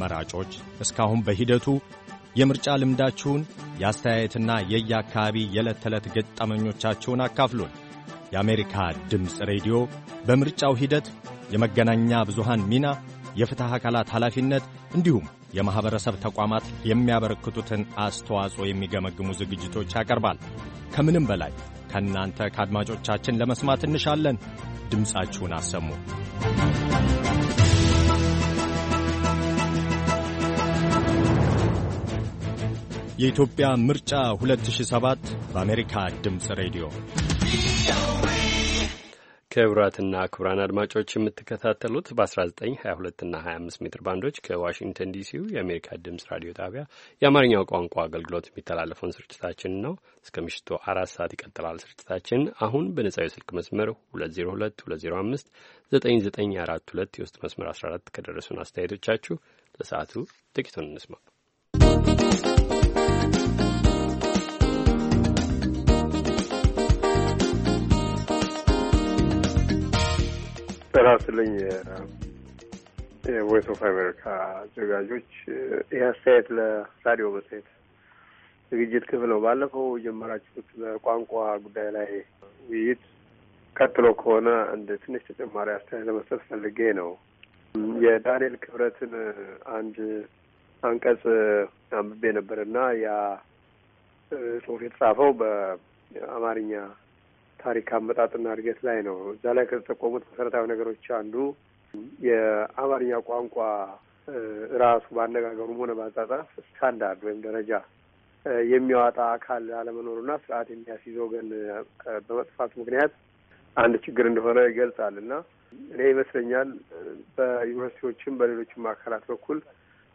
መራጮች እስካሁን በሂደቱ የምርጫ ልምዳችሁን፣ የአስተያየትና የየአካባቢ የዕለት ተዕለት ገጠመኞቻችሁን አካፍሉን። የአሜሪካ ድምፅ ሬዲዮ በምርጫው ሂደት የመገናኛ ብዙሃን ሚና፣ የፍትሕ አካላት ኃላፊነት እንዲሁም የማኅበረሰብ ተቋማት የሚያበረክቱትን አስተዋጽኦ የሚገመግሙ ዝግጅቶች ያቀርባል። ከምንም በላይ ከእናንተ ከአድማጮቻችን ለመስማት እንሻለን። ድምፃችሁን አሰሙ። የኢትዮጵያ ምርጫ 2007 በአሜሪካ ድምፅ ሬዲዮ። ክቡራትና ክቡራን አድማጮች የምትከታተሉት በ1922 እና 25 ሜትር ባንዶች ከዋሽንግተን ዲሲው የአሜሪካ ድምፅ ራዲዮ ጣቢያ የአማርኛው ቋንቋ አገልግሎት የሚተላለፈውን ስርጭታችን ነው። እስከ ምሽቱ አራት ሰዓት ይቀጥላል ስርጭታችን። አሁን በነጻው የስልክ መስመር 2022059942 የውስጥ መስመር 14 ከደረሱን አስተያየቶቻችሁ ለሰዓቱ ጥቂቱን እንስማ። በራስልኝ የቮይስ ኦፍ አሜሪካ አዘጋጆች ይህ አስተያየት ለራዲዮ መጽሔት ዝግጅት ክፍል ነው። ባለፈው ጀመራችሁት በቋንቋ ጉዳይ ላይ ውይይት ቀጥሎ ከሆነ እንደ ትንሽ ተጨማሪ አስተያየት ለመስጠት ፈልጌ ነው። የዳንኤል ክብረትን አንድ አንቀጽ አንብቤ ነበር እና ያ ጽሁፍ የተጻፈው በአማርኛ ታሪክ አመጣጥና እድገት ላይ ነው። እዛ ላይ ከተጠቆሙት መሰረታዊ ነገሮች አንዱ የአማርኛ ቋንቋ ራሱ በአነጋገሩም ሆነ በአጻጻፍ ስታንዳርድ ወይም ደረጃ የሚያወጣ አካል አለመኖሩና ስርዓት የሚያስይዘው ግን በመጥፋት ምክንያት አንድ ችግር እንደሆነ ይገልጻል እና እኔ ይመስለኛል በዩኒቨርሲቲዎችም በሌሎችም አካላት በኩል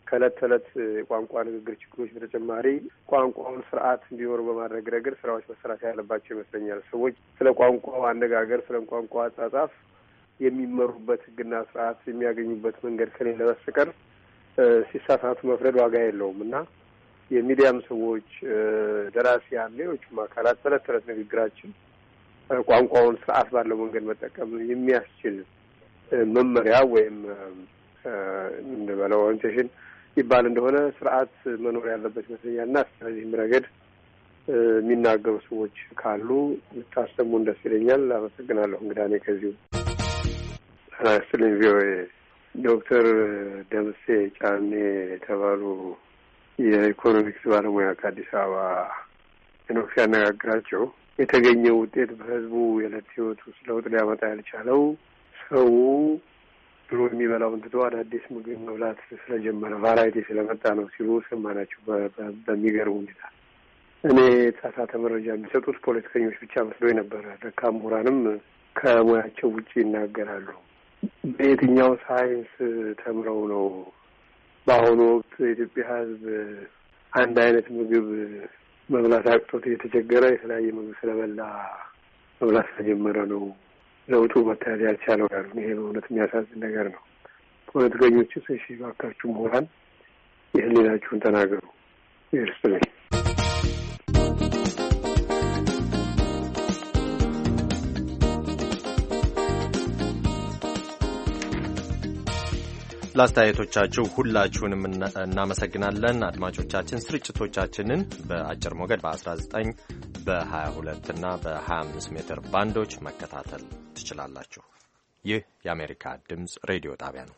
ከእለት ተዕለት የቋንቋ ንግግር ችግሮች በተጨማሪ ቋንቋውን ስርዓት እንዲኖሩ በማድረግ ረገድ ስራዎች መሰራት ያለባቸው ይመስለኛል። ሰዎች ስለ ቋንቋው አነጋገር፣ ስለ ቋንቋው አጻጻፍ የሚመሩበት ህግና ስርዓት የሚያገኙበት መንገድ ከሌለ በስተቀር ሲሳሳቱ መፍረድ ዋጋ የለውም እና የሚዲያም ሰዎች፣ ደራሲያን፣ ሌሎችም አካላት ተዕለት ተዕለት ንግግራችን ቋንቋውን ስርዓት ባለው መንገድ መጠቀም የሚያስችል መመሪያ ወይም እንበለው ኦሪንቴሽን ይባል እንደሆነ ስርዓት መኖር ያለበት ይመስለኛል እና ስለዚህም ረገድ የሚናገሩ ሰዎች ካሉ ታሰሙን ደስ ይለኛል። አመሰግናለሁ። እንግዳ እኔ ከዚሁ ስልኝ ቪኦኤ ዶክተር ደምሴ ጫኔ የተባሉ የኢኮኖሚክስ ባለሙያ ከአዲስ አበባ ኖክ ሲያነጋግራቸው የተገኘው ውጤት በህዝቡ የዕለት ህይወት ውስጥ ለውጥ ሊያመጣ ያልቻለው ሰው ድሮ የሚበላውን ትቶ አዳዲስ ምግብ መብላት ስለጀመረ ቫራይቲ ስለመጣ ነው ሲሉ ሰማናቸው። በሚገርም ሁኔታ እኔ የተሳሳተ መረጃ የሚሰጡት ፖለቲከኞች ብቻ መስሎ ነበረ። ለካ ምሁራንም ከሙያቸው ውጭ ይናገራሉ። በየትኛው ሳይንስ ተምረው ነው በአሁኑ ወቅት የኢትዮጵያ ሕዝብ አንድ አይነት ምግብ መብላት አቅቶት እየተቸገረ የተለያየ ምግብ ስለበላ መብላት ስለጀመረ ነው ለውጡ መታየት ያልቻለው ያሉ ይሄ በእውነት የሚያሳዝን ነገር ነው። ፖለቲከኞችስ እሺ ባካችሁ ምሁራን የህሊናችሁን ተናገሩ። ይርስጥልኝ ለአስተያየቶቻችሁ ሁላችሁንም እናመሰግናለን። አድማጮቻችን ስርጭቶቻችንን በአጭር ሞገድ በ19 በ22 እና በ25 ሜትር ባንዶች መከታተል ትችላላችሁ። ይህ የአሜሪካ ድምፅ ሬዲዮ ጣቢያ ነው።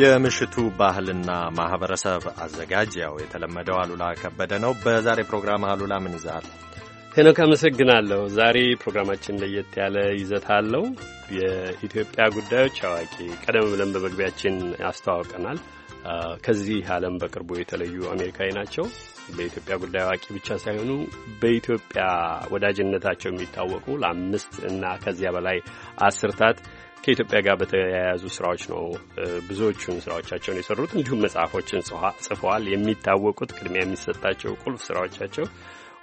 የምሽቱ ባህልና ማህበረሰብ አዘጋጅ ያው የተለመደው አሉላ ከበደ ነው። በዛሬ ፕሮግራም አሉላ ምን ይዛል? ሄኖክ አመሰግናለሁ። ዛሬ ፕሮግራማችን ለየት ያለ ይዘት አለው። የኢትዮጵያ ጉዳዮች አዋቂ ቀደም ብለን በመግቢያችን አስተዋውቀናል። ከዚህ ዓለም በቅርቡ የተለዩ አሜሪካዊ ናቸው። በኢትዮጵያ ጉዳይ አዋቂ ብቻ ሳይሆኑ በኢትዮጵያ ወዳጅነታቸው የሚታወቁ ለአምስት እና ከዚያ በላይ አስርታት ከኢትዮጵያ ጋር በተያያዙ ስራዎች ነው ብዙዎቹን ስራዎቻቸውን የሰሩት። እንዲሁም መጽሐፎችን ጽፈዋል። የሚታወቁት ቅድሚያ የሚሰጣቸው ቁልፍ ስራዎቻቸው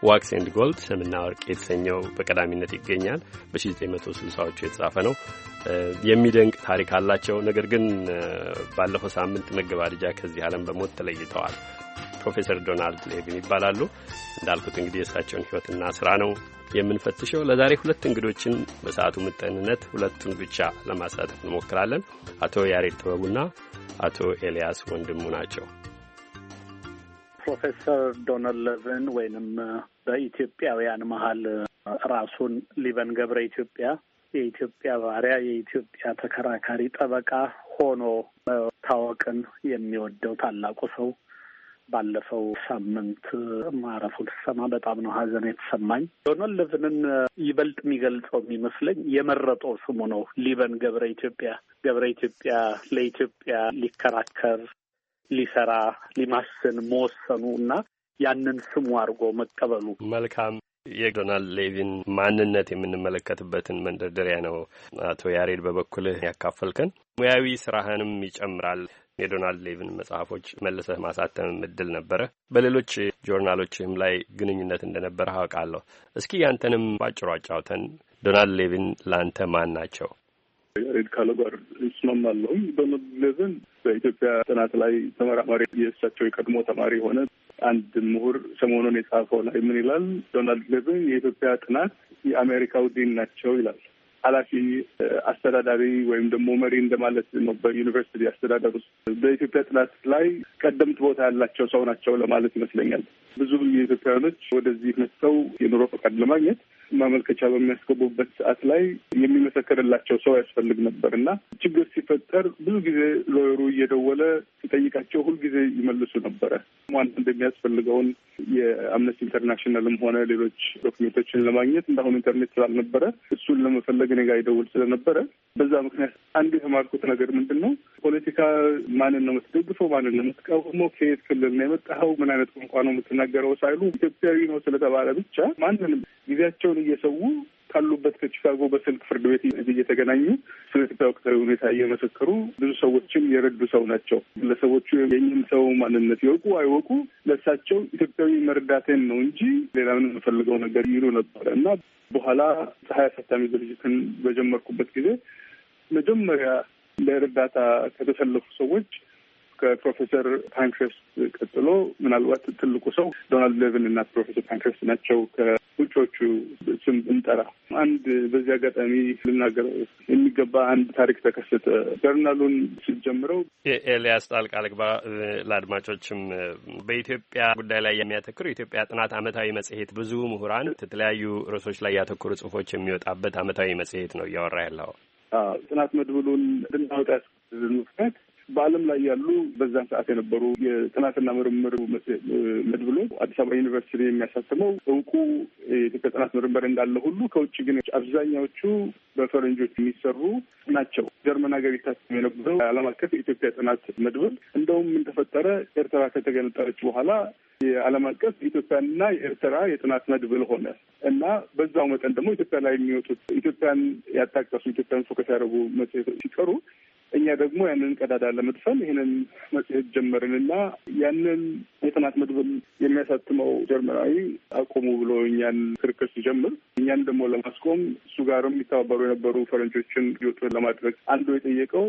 ዋክስ ኤንድ ጎልድ ስምና ወርቅ የተሰኘው በቀዳሚነት ይገኛል። በ1960ዎቹ የተጻፈ ነው። የሚደንቅ ታሪክ አላቸው። ነገር ግን ባለፈው ሳምንት መገባደጃ ከዚህ ዓለም በሞት ተለይተዋል። ፕሮፌሰር ዶናልድ ሌቪን ይባላሉ። እንዳልኩት እንግዲህ የእሳቸውን ህይወትና ስራ ነው የምንፈትሸው ለዛሬ ሁለት እንግዶችን በሰዓቱ ምጠንነት ሁለቱን ብቻ ለማሳተፍ እንሞክራለን። አቶ ያሬድ ጥበቡና አቶ ኤልያስ ወንድሙ ናቸው። ፕሮፌሰር ዶናልድ ለቨን ወይንም በኢትዮጵያውያን መሀል ራሱን ሊበን ገብረ ኢትዮጵያ የኢትዮጵያ ባሪያ የኢትዮጵያ ተከራካሪ ጠበቃ ሆኖ መታወቅን የሚወደው ታላቁ ሰው ባለፈው ሳምንት ማረፉ ስሰማ በጣም ነው ሀዘን የተሰማኝ። ዶኖልቭንን ይበልጥ የሚገልጸው የሚመስለኝ የመረጠው ስሙ ነው። ሊበን ገብረ ኢትዮጵያ ገብረ ኢትዮጵያ ለኢትዮጵያ ሊከራከር፣ ሊሰራ፣ ሊማስን መወሰኑ እና ያንን ስሙ አድርጎ መቀበሉ መልካም የዶናልድ ሌቪን ማንነት የምንመለከትበትን መንደርደሪያ ነው። አቶ ያሬድ በበኩልህ ያካፈልከን ሙያዊ ስራህንም ይጨምራል። የዶናልድ ሌቭን መጽሐፎች መልሰህ ማሳተም እድል ነበረ። በሌሎች ጆርናሎችም ላይ ግንኙነት እንደነበረ አውቃለሁ። እስኪ ያንተንም ባጭሩ አጫውተን። ዶናልድ ሌቪን ለአንተ ማን ናቸው? ያሬድ ካለው ጋር እስማማለሁኝ። ዶናልድ ሌቪን በኢትዮጵያ ጥናት ላይ ተመራማሪ፣ የእሳቸው የቀድሞ ተማሪ የሆነ አንድ ምሁር ሰሞኑን የጻፈው ላይ ምን ይላል? ዶናልድ ሌቪን የኢትዮጵያ ጥናት የአሜሪካው ዲን ናቸው ይላል። ኃላፊ አስተዳዳሪ ወይም ደግሞ መሪ እንደማለት ነው። በዩኒቨርሲቲ አስተዳደር ውስጥ በኢትዮጵያ ጥናት ላይ ቀደምት ቦታ ያላቸው ሰው ናቸው ለማለት ይመስለኛል። ብዙ የኢትዮጵያውያኖች ወደዚህ መጥተው የኑሮ ፈቃድ ለማግኘት ማመልከቻ በሚያስገቡበት ሰዓት ላይ የሚመሰከርላቸው ሰው ያስፈልግ ነበር እና ችግር ሲፈጠር ብዙ ጊዜ ሎየሩ እየደወለ ሲጠይቃቸው ሁልጊዜ ይመልሱ ነበረ። ዋን እንደሚያስፈልገውን የአምነስቲ ኢንተርናሽናልም ሆነ ሌሎች ዶክሜንቶችን ለማግኘት እንዳሁኑ ኢንተርኔት ስላልነበረ እሱን ለመፈለግ እኔ ይደውል ስለነበረ በዛ ምክንያት አንድ የተማርኩት ነገር ምንድን ነው ፖለቲካ ማንን ነው የምትደግፈው? ማንን ነው የምትቃወመው? ከየት ክልል ነው የመጣኸው? ምን አይነት ቋንቋ ነው የምትናገረው? ሳይሉ ኢትዮጵያዊ ነው ስለተባለ ብቻ ማንንም ጊዜያቸውን እየሰዉ ካሉበት ከቺካጎ በስልክ ፍርድ ቤት እየተገናኙ ስለ ኢትዮጵያ ወቅታዊ ሁኔታ እየመሰከሩ ብዙ ሰዎችም የረዱ ሰው ናቸው። ለሰዎቹ የኝም ሰው ማንነት ይወቁ አይወቁ ለሳቸው ኢትዮጵያዊ መርዳቴን ነው እንጂ ሌላ ምን የምፈልገው ነገር ይሉ ነበረ እና በኋላ ፀሐይ አሳታሚ ድርጅትን በጀመርኩበት ጊዜ መጀመሪያ ለእርዳታ ከተሰለፉ ሰዎች ከፕሮፌሰር ፓንክረስት ቀጥሎ ምናልባት ትልቁ ሰው ዶናልድ ሌቭን እና ፕሮፌሰር ፓንክረስት ናቸው። ውጮቹ ስም ብንጠራ አንድ በዚህ አጋጣሚ ልናገር የሚገባ አንድ ታሪክ ተከሰተ። ጀርናሉን ስጀምረው የኤልያስ ጣልቃ ልግባ። ለአድማጮችም በኢትዮጵያ ጉዳይ ላይ የሚያተክሩ የኢትዮጵያ ጥናት ዓመታዊ መጽሔት ብዙ ምሁራን የተለያዩ ርዕሶች ላይ ያተኮሩ ጽሁፎች የሚወጣበት አመታዊ መጽሔት ነው እያወራ ያለው ጥናት መድብሉን እንድናወጣ ምክንያት በዓለም ላይ ያሉ በዛን ሰዓት የነበሩ የጥናትና ምርምር መድብሎ አዲስ አበባ ዩኒቨርሲቲ የሚያሳትመው እውቁ የኢትዮጵያ ጥናት ምርምር እንዳለ ሁሉ ከውጭ ግን አብዛኛዎቹ በፈረንጆች የሚሰሩ ናቸው። ጀርመን ሀገር የታተመ የነበረው ዓለም አቀፍ የኢትዮጵያ ጥናት መድብል እንደውም ምን ተፈጠረ? ኤርትራ ከተገነጠለች በኋላ የዓለም አቀፍ ኢትዮጵያና የኤርትራ የጥናት መድብል ሆነ እና በዛው መጠን ደግሞ ኢትዮጵያ ላይ የሚወጡት ኢትዮጵያን ያጣቀሱ ኢትዮጵያን ፎከስ ያደረጉ መጽሔቶች ሲቀሩ እኛ ደግሞ ያንን ቀዳዳ ለመድፈን ይህንን መጽሔት ጀመርንና ያንን የጥናት መድብል የሚያሳትመው ጀርመናዊ አቆሙ ብሎ እኛን ክርክር ሲጀምር እኛን ደግሞ ለማስቆም እሱ ጋርም የሚተባበሩ የነበሩ ፈረንጆችን ይወጡ ለማድረግ አንዱ የጠየቀው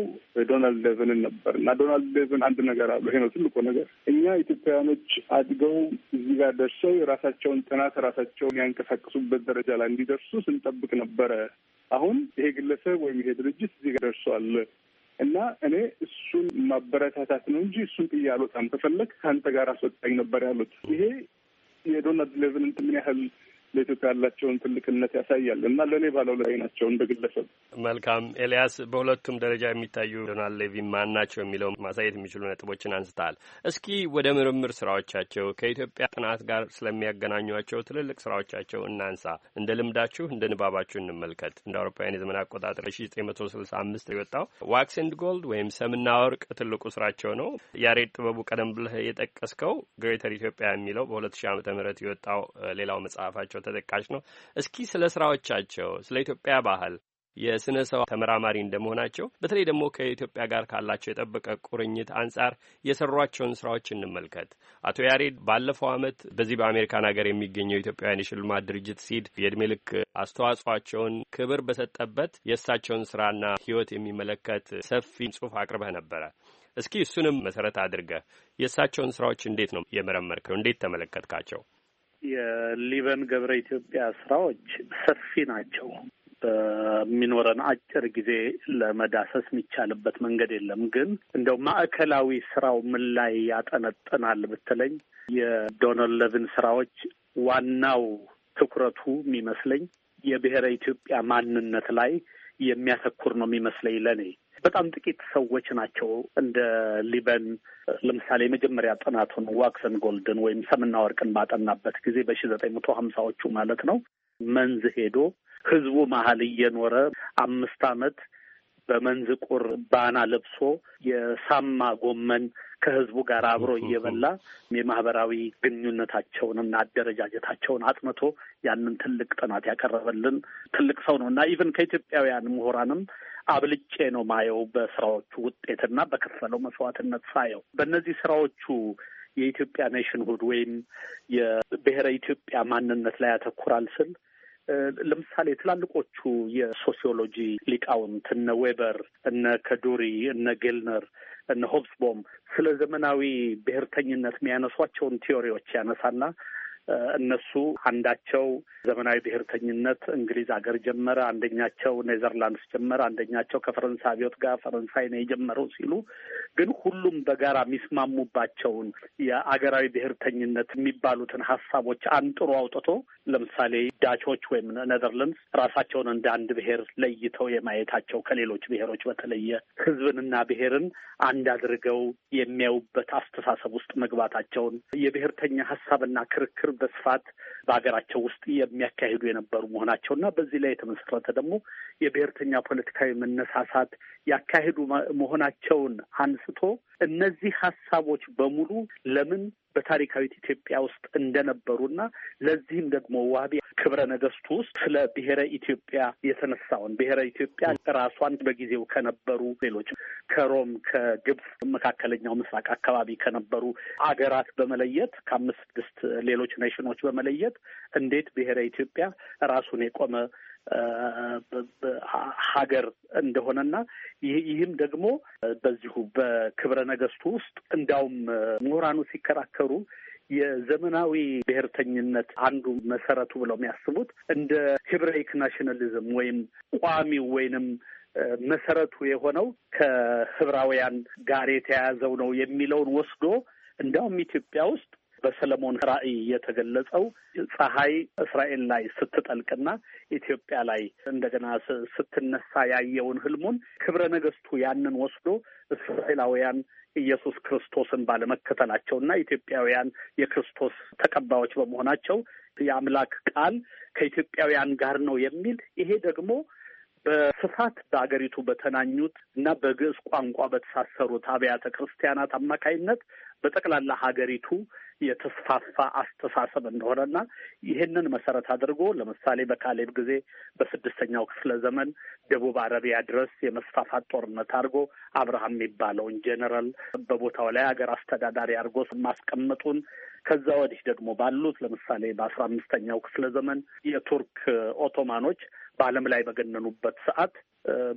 ዶናልድ ሌቨንን ነበር እና ዶናልድ ሌቨን አንድ ነገር አለ ይሄ ነው ትልቁ ነገር። እኛ ኢትዮጵያውያኖች አድገው እዚህ ጋር ደርሰው የራሳቸውን ጥናት ራሳቸውን ያንቀሳቀሱበት ደረጃ ላይ እንዲደርሱ ስንጠብቅ ነበረ። አሁን ይሄ ግለሰብ ወይም ይሄ ድርጅት እዚህ ጋር ደርሷል። እና እኔ እሱን ማበረታታት ነው እንጂ እሱን ጥዬ አልወጣም። ከፈለግ ከአንተ ጋር አስወጣኝ ነበር ያሉት። ይሄ የዶናልድ ሌቨን ምን ያህል ለኢትዮጵያ ያላቸውን ትልቅነት ያሳያል እና ለእኔ ባለው ላይ ናቸውን በግለሰብ መልካም ኤልያስ፣ በሁለቱም ደረጃ የሚታዩ ዶናልድ ሌቪ ማን ናቸው የሚለው ማሳየት የሚችሉ ነጥቦችን አንስተሃል። እስኪ ወደ ምርምር ስራዎቻቸው ከኢትዮጵያ ጥናት ጋር ስለሚያገናኟቸው ትልልቅ ስራዎቻቸው እናንሳ። እንደ ልምዳችሁ እንደ ንባባችሁ እንመልከት። እንደ አውሮፓውያን የዘመን አቆጣጠር ሺ ዘጠኝ መቶ ስልሳ አምስት የወጣው ዋክስ ኤንድ ጎልድ ወይም ሰምና ወርቅ ትልቁ ስራቸው ነው። ያሬድ ጥበቡ ቀደም ብለህ የጠቀስከው ግሬተር ኢትዮጵያ የሚለው በሁለት ሺ ዓመተ ምህረት የወጣው ሌላው መጽሐፋቸው ተጠቃሽ ነው። እስኪ ስለ ስራዎቻቸው፣ ስለ ኢትዮጵያ ባህል የስነ ሰው ተመራማሪ እንደመሆናቸው በተለይ ደግሞ ከኢትዮጵያ ጋር ካላቸው የጠበቀ ቁርኝት አንጻር የሰሯቸውን ስራዎች እንመልከት። አቶ ያሬድ ባለፈው ዓመት በዚህ በአሜሪካን ሀገር የሚገኘው ኢትዮጵያውያን የሽልማት ድርጅት ሲድ የእድሜ ልክ አስተዋጽቸውን ክብር በሰጠበት የእሳቸውን ስራና ህይወት የሚመለከት ሰፊ ጽሁፍ አቅርበህ ነበረ። እስኪ እሱንም መሰረት አድርገህ የእሳቸውን ስራዎች እንዴት ነው የመረመርከው? እንዴት ተመለከትካቸው? የሊበን ገብረ ኢትዮጵያ ስራዎች ሰፊ ናቸው። በሚኖረን አጭር ጊዜ ለመዳሰስ የሚቻልበት መንገድ የለም። ግን እንደው ማዕከላዊ ስራው ምን ላይ ያጠነጥናል ብትለኝ የዶናልድ ለቪን ስራዎች ዋናው ትኩረቱ የሚመስለኝ የብሔረ ኢትዮጵያ ማንነት ላይ የሚያተኩር ነው የሚመስለኝ ለኔ በጣም ጥቂት ሰዎች ናቸው እንደ ሊበን ለምሳሌ የመጀመሪያ ጥናቱን ዋክሰን ጎልድን ወይም ሰምና ወርቅን ባጠናበት ጊዜ በሺ ዘጠኝ መቶ ሀምሳዎቹ ማለት ነው መንዝ ሄዶ ህዝቡ መሀል እየኖረ አምስት አመት በመንዝ ቁር ባና ለብሶ የሳማ ጎመን ከህዝቡ ጋር አብሮ እየበላ የማህበራዊ ግንኙነታቸውንና አደረጃጀታቸውን አጥንቶ ያንን ትልቅ ጥናት ያቀረበልን ትልቅ ሰው ነው እና ኢቨን ከኢትዮጵያውያን ምሁራንም አብልጬ ነው ማየው በስራዎቹ ውጤትና በከፈለው መስዋዕትነት ሳየው በእነዚህ ስራዎቹ የኢትዮጵያ ኔሽንሁድ ወይም የብሔረ ኢትዮጵያ ማንነት ላይ ያተኩራል ስል ለምሳሌ ትላልቆቹ የሶሲዮሎጂ ሊቃውንት እነ ዌበር፣ እነ ከዱሪ፣ እነ ጌልነር፣ እነ ሆብስቦም ስለ ዘመናዊ ብሔርተኝነት የሚያነሷቸውን ቲዮሪዎች ያነሳና እነሱ አንዳቸው ዘመናዊ ብሔርተኝነት እንግሊዝ ሀገር ጀመረ፣ አንደኛቸው ኔዘርላንድስ ጀመረ፣ አንደኛቸው ከፈረንሳይ አብዮት ጋር ፈረንሳይ ነው የጀመረው ሲሉ ግን ሁሉም በጋራ የሚስማሙባቸውን የአገራዊ ብሔርተኝነት የሚባሉትን ሀሳቦች አንጥሮ አውጥቶ ለምሳሌ ዳቾች ወይም ኔዘርላንድስ ራሳቸውን እንደ አንድ ብሔር ለይተው የማየታቸው ከሌሎች ብሔሮች በተለየ ህዝብንና ብሔርን አንድ አድርገው የሚያዩበት አስተሳሰብ ውስጥ መግባታቸውን የብሔርተኛ ሀሳብና ክርክር በስፋት በሀገራቸው ውስጥ የሚያካሂዱ የነበሩ መሆናቸው እና በዚህ ላይ የተመሰረተ ደግሞ የብሔርተኛ ፖለቲካዊ መነሳሳት ያካሄዱ መሆናቸውን አንስቶ እነዚህ ሀሳቦች በሙሉ ለምን በታሪካዊት ኢትዮጵያ ውስጥ እንደነበሩና ለዚህም ደግሞ ዋቢ ክብረ ነገስቱ ውስጥ ስለ ብሔረ ኢትዮጵያ የተነሳውን ብሔረ ኢትዮጵያ ራሷን በጊዜው ከነበሩ ሌሎች ከሮም ከግብፅ መካከለኛው ምስራቅ አካባቢ ከነበሩ አገራት በመለየት ከአምስት ስድስት ሌሎች ኔሽኖች በመለየት እንዴት ብሔረ ኢትዮጵያ ራሱን የቆመ ሀገር እንደሆነና ይህም ደግሞ በዚሁ በክብረ ነገስቱ ውስጥ እንዲያውም ምሁራኑ ሲከራከሩ የዘመናዊ ብሔርተኝነት አንዱ መሰረቱ ብለው የሚያስቡት እንደ ሂብራይክ ናሽናሊዝም ወይም ቋሚው ወይንም መሰረቱ የሆነው ከህብራውያን ጋር የተያያዘው ነው የሚለውን ወስዶ እንዲያውም ኢትዮጵያ ውስጥ በሰለሞን ራእይ የተገለጸው ፀሐይ እስራኤል ላይ ስትጠልቅና ኢትዮጵያ ላይ እንደገና ስትነሳ ያየውን ህልሙን ክብረ ነገስቱ ያንን ወስዶ እስራኤላውያን ኢየሱስ ክርስቶስን ባለመከተላቸውና ኢትዮጵያውያን የክርስቶስ ተቀባዮች በመሆናቸው የአምላክ ቃል ከኢትዮጵያውያን ጋር ነው የሚል ይሄ ደግሞ በስፋት በአገሪቱ በተናኙት እና በግዕዝ ቋንቋ በተሳሰሩት አብያተ ክርስቲያናት አማካይነት በጠቅላላ ሀገሪቱ የተስፋፋ አስተሳሰብ እንደሆነና ይህንን መሰረት አድርጎ ለምሳሌ በካሌብ ጊዜ በስድስተኛው ክፍለ ዘመን ደቡብ አረቢያ ድረስ የመስፋፋት ጦርነት አድርጎ አብርሃም የሚባለውን ጄኔራል በቦታው ላይ ሀገር አስተዳዳሪ አድርጎ ማስቀመጡን ከዛ ወዲህ ደግሞ ባሉት ለምሳሌ በአስራ አምስተኛው ክፍለ ዘመን የቱርክ ኦቶማኖች በዓለም ላይ በገነኑበት ሰዓት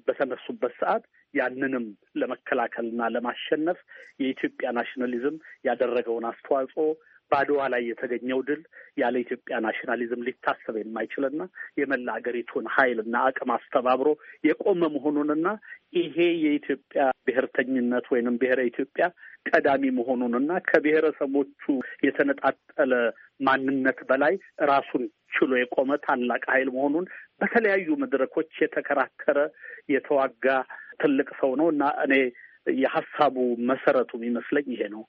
በተነሱበት ሰዓት ያንንም ለመከላከልና ለማሸነፍ የኢትዮጵያ ናሽናሊዝም ያደረገውን አስተዋጽኦ በአድዋ ላይ የተገኘው ድል ያለ ኢትዮጵያ ናሽናሊዝም ሊታሰብ የማይችልና የመላ አገሪቱን ኃይልና አቅም አስተባብሮ የቆመ መሆኑንና ይሄ የኢትዮጵያ ብሔርተኝነት ወይንም ብሔረ ኢትዮጵያ ቀዳሚ መሆኑንና ከብሔረሰቦቹ የተነጣጠለ ማንነት በላይ ራሱን ችሎ የቆመ ታላቅ ኃይል መሆኑን በተለያዩ መድረኮች የተከራከረ የተዋጋ ትልቅ ሰው ነው እና እኔ የሀሳቡ መሰረቱ የሚመስለኝ ይሄ ነው።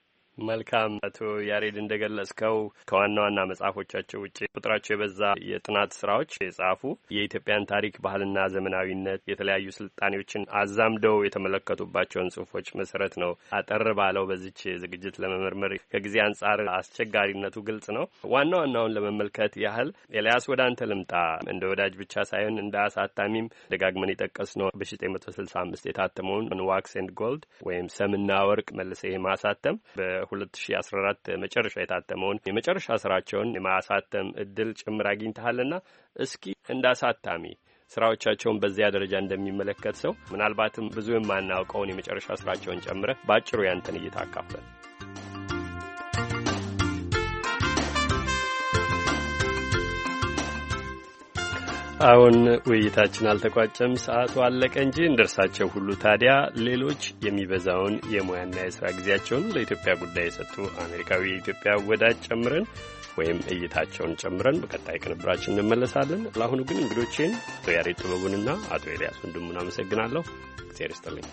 መልካም አቶ ያሬድ እንደገለጽከው ከዋና ዋና መጽሐፎቻቸው ውጭ ቁጥራቸው የበዛ የጥናት ስራዎች የጻፉ የኢትዮጵያን ታሪክ ባህልና ዘመናዊነት የተለያዩ ስልጣኔዎችን አዛምደው የተመለከቱባቸውን ጽሁፎች መሰረት ነው አጠር ባለው በዚች ዝግጅት ለመመርመር ከጊዜ አንጻር አስቸጋሪነቱ ግልጽ ነው። ዋና ዋናውን ለመመልከት ያህል ኤልያስ፣ ወደ አንተ ልምጣ። እንደ ወዳጅ ብቻ ሳይሆን እንደ አሳታሚም ደጋግመን የጠቀስ ነው በ1965 የታተመውን ዋክስ ኤንድ ጎልድ ወይም ሰምና ወርቅ መልሰ ማሳተም 2014 መጨረሻ የታተመውን የመጨረሻ ስራቸውን የማሳተም እድል ጭምር አግኝተሃልና እስኪ እንዳሳታሚ ስራዎቻቸውን በዚያ ደረጃ እንደሚመለከት ሰው ምናልባትም ብዙ የማናውቀውን የመጨረሻ ስራቸውን ጨምረህ በአጭሩ ያንተን እይታ አካፈል። አሁን ውይይታችን አልተቋጨም፣ ሰዓቱ አለቀ እንጂ እንደርሳቸው ሁሉ ታዲያ ሌሎች የሚበዛውን የሙያና የስራ ጊዜያቸውን ለኢትዮጵያ ጉዳይ የሰጡ አሜሪካዊ የኢትዮጵያ ወዳጅ ጨምረን ወይም እይታቸውን ጨምረን በቀጣይ ቅንብራችን እንመለሳለን። ለአሁኑ ግን እንግዶቼን አቶ ያሬድ ጥበቡንና አቶ ኤልያስ ወንድሙን አመሰግናለሁ። እግዚአብሔር ይስጥልኝ።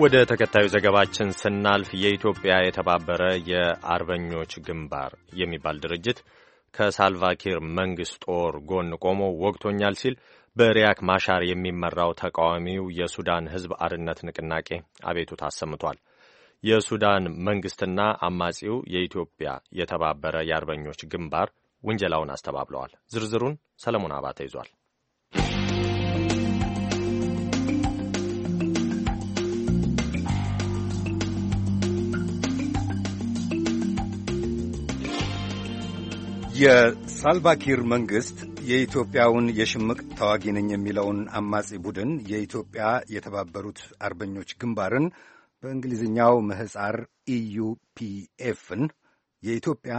ወደ ተከታዩ ዘገባችን ስናልፍ የኢትዮጵያ የተባበረ የአርበኞች ግንባር የሚባል ድርጅት ከሳልቫኪር መንግሥት ጦር ጎን ቆሞ ወግቶኛል ሲል በሪያክ ማሻር የሚመራው ተቃዋሚው የሱዳን ሕዝብ አርነት ንቅናቄ አቤቱታ አሰምቷል። የሱዳን መንግሥትና አማጺው የኢትዮጵያ የተባበረ የአርበኞች ግንባር ውንጀላውን አስተባብለዋል። ዝርዝሩን ሰለሞን አባተ ይዟል። የሳልቫኪር መንግሥት የኢትዮጵያውን የሽምቅ ተዋጊ ነኝ የሚለውን አማጺ ቡድን የኢትዮጵያ የተባበሩት አርበኞች ግንባርን በእንግሊዝኛው ምህፃር ኢዩፒኤፍን የኢትዮጵያ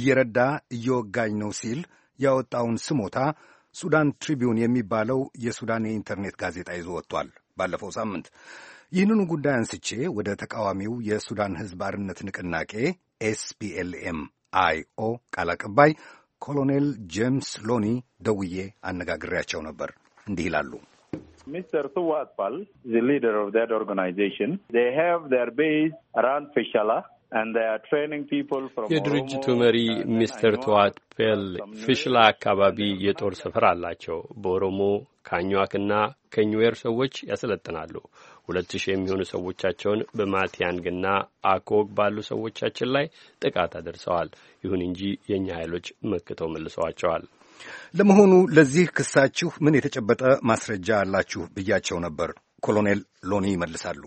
እየረዳ እየወጋኝ ነው ሲል ያወጣውን ስሞታ ሱዳን ትሪቢዩን የሚባለው የሱዳን የኢንተርኔት ጋዜጣ ይዞ ወጥቷል። ባለፈው ሳምንት ይህንኑ ጉዳይ አንስቼ ወደ ተቃዋሚው የሱዳን ሕዝብ አርነት ንቅናቄ ኤስፒኤልኤም አይኦ ቃል አቀባይ ኮሎኔል ጄምስ ሎኒ ደውዬ አነጋግሬያቸው ነበር። እንዲህ ይላሉ። ሚስተር ቱዋ አትፓል ሊደር ኦፍ ዛት ኦርጋናይዜሽን ሃቭ ዘር ቤዝ አራውንድ ፊሻላ የድርጅቱ መሪ ሚስተር ተዋት ፔል ፊሽላ አካባቢ የጦር ሰፈር አላቸው። በኦሮሞ ካኟክና ከኝዌር ሰዎች ያሰለጥናሉ። ሁለት ሺህ የሚሆኑ ሰዎቻቸውን በማቲያንግና አኮግ ባሉ ሰዎቻችን ላይ ጥቃት አደርሰዋል። ይሁን እንጂ የእኛ ኃይሎች መክተው መልሰዋቸዋል። ለመሆኑ ለዚህ ክሳችሁ ምን የተጨበጠ ማስረጃ አላችሁ ብያቸው ነበር። ኮሎኔል ሎኒ ይመልሳሉ።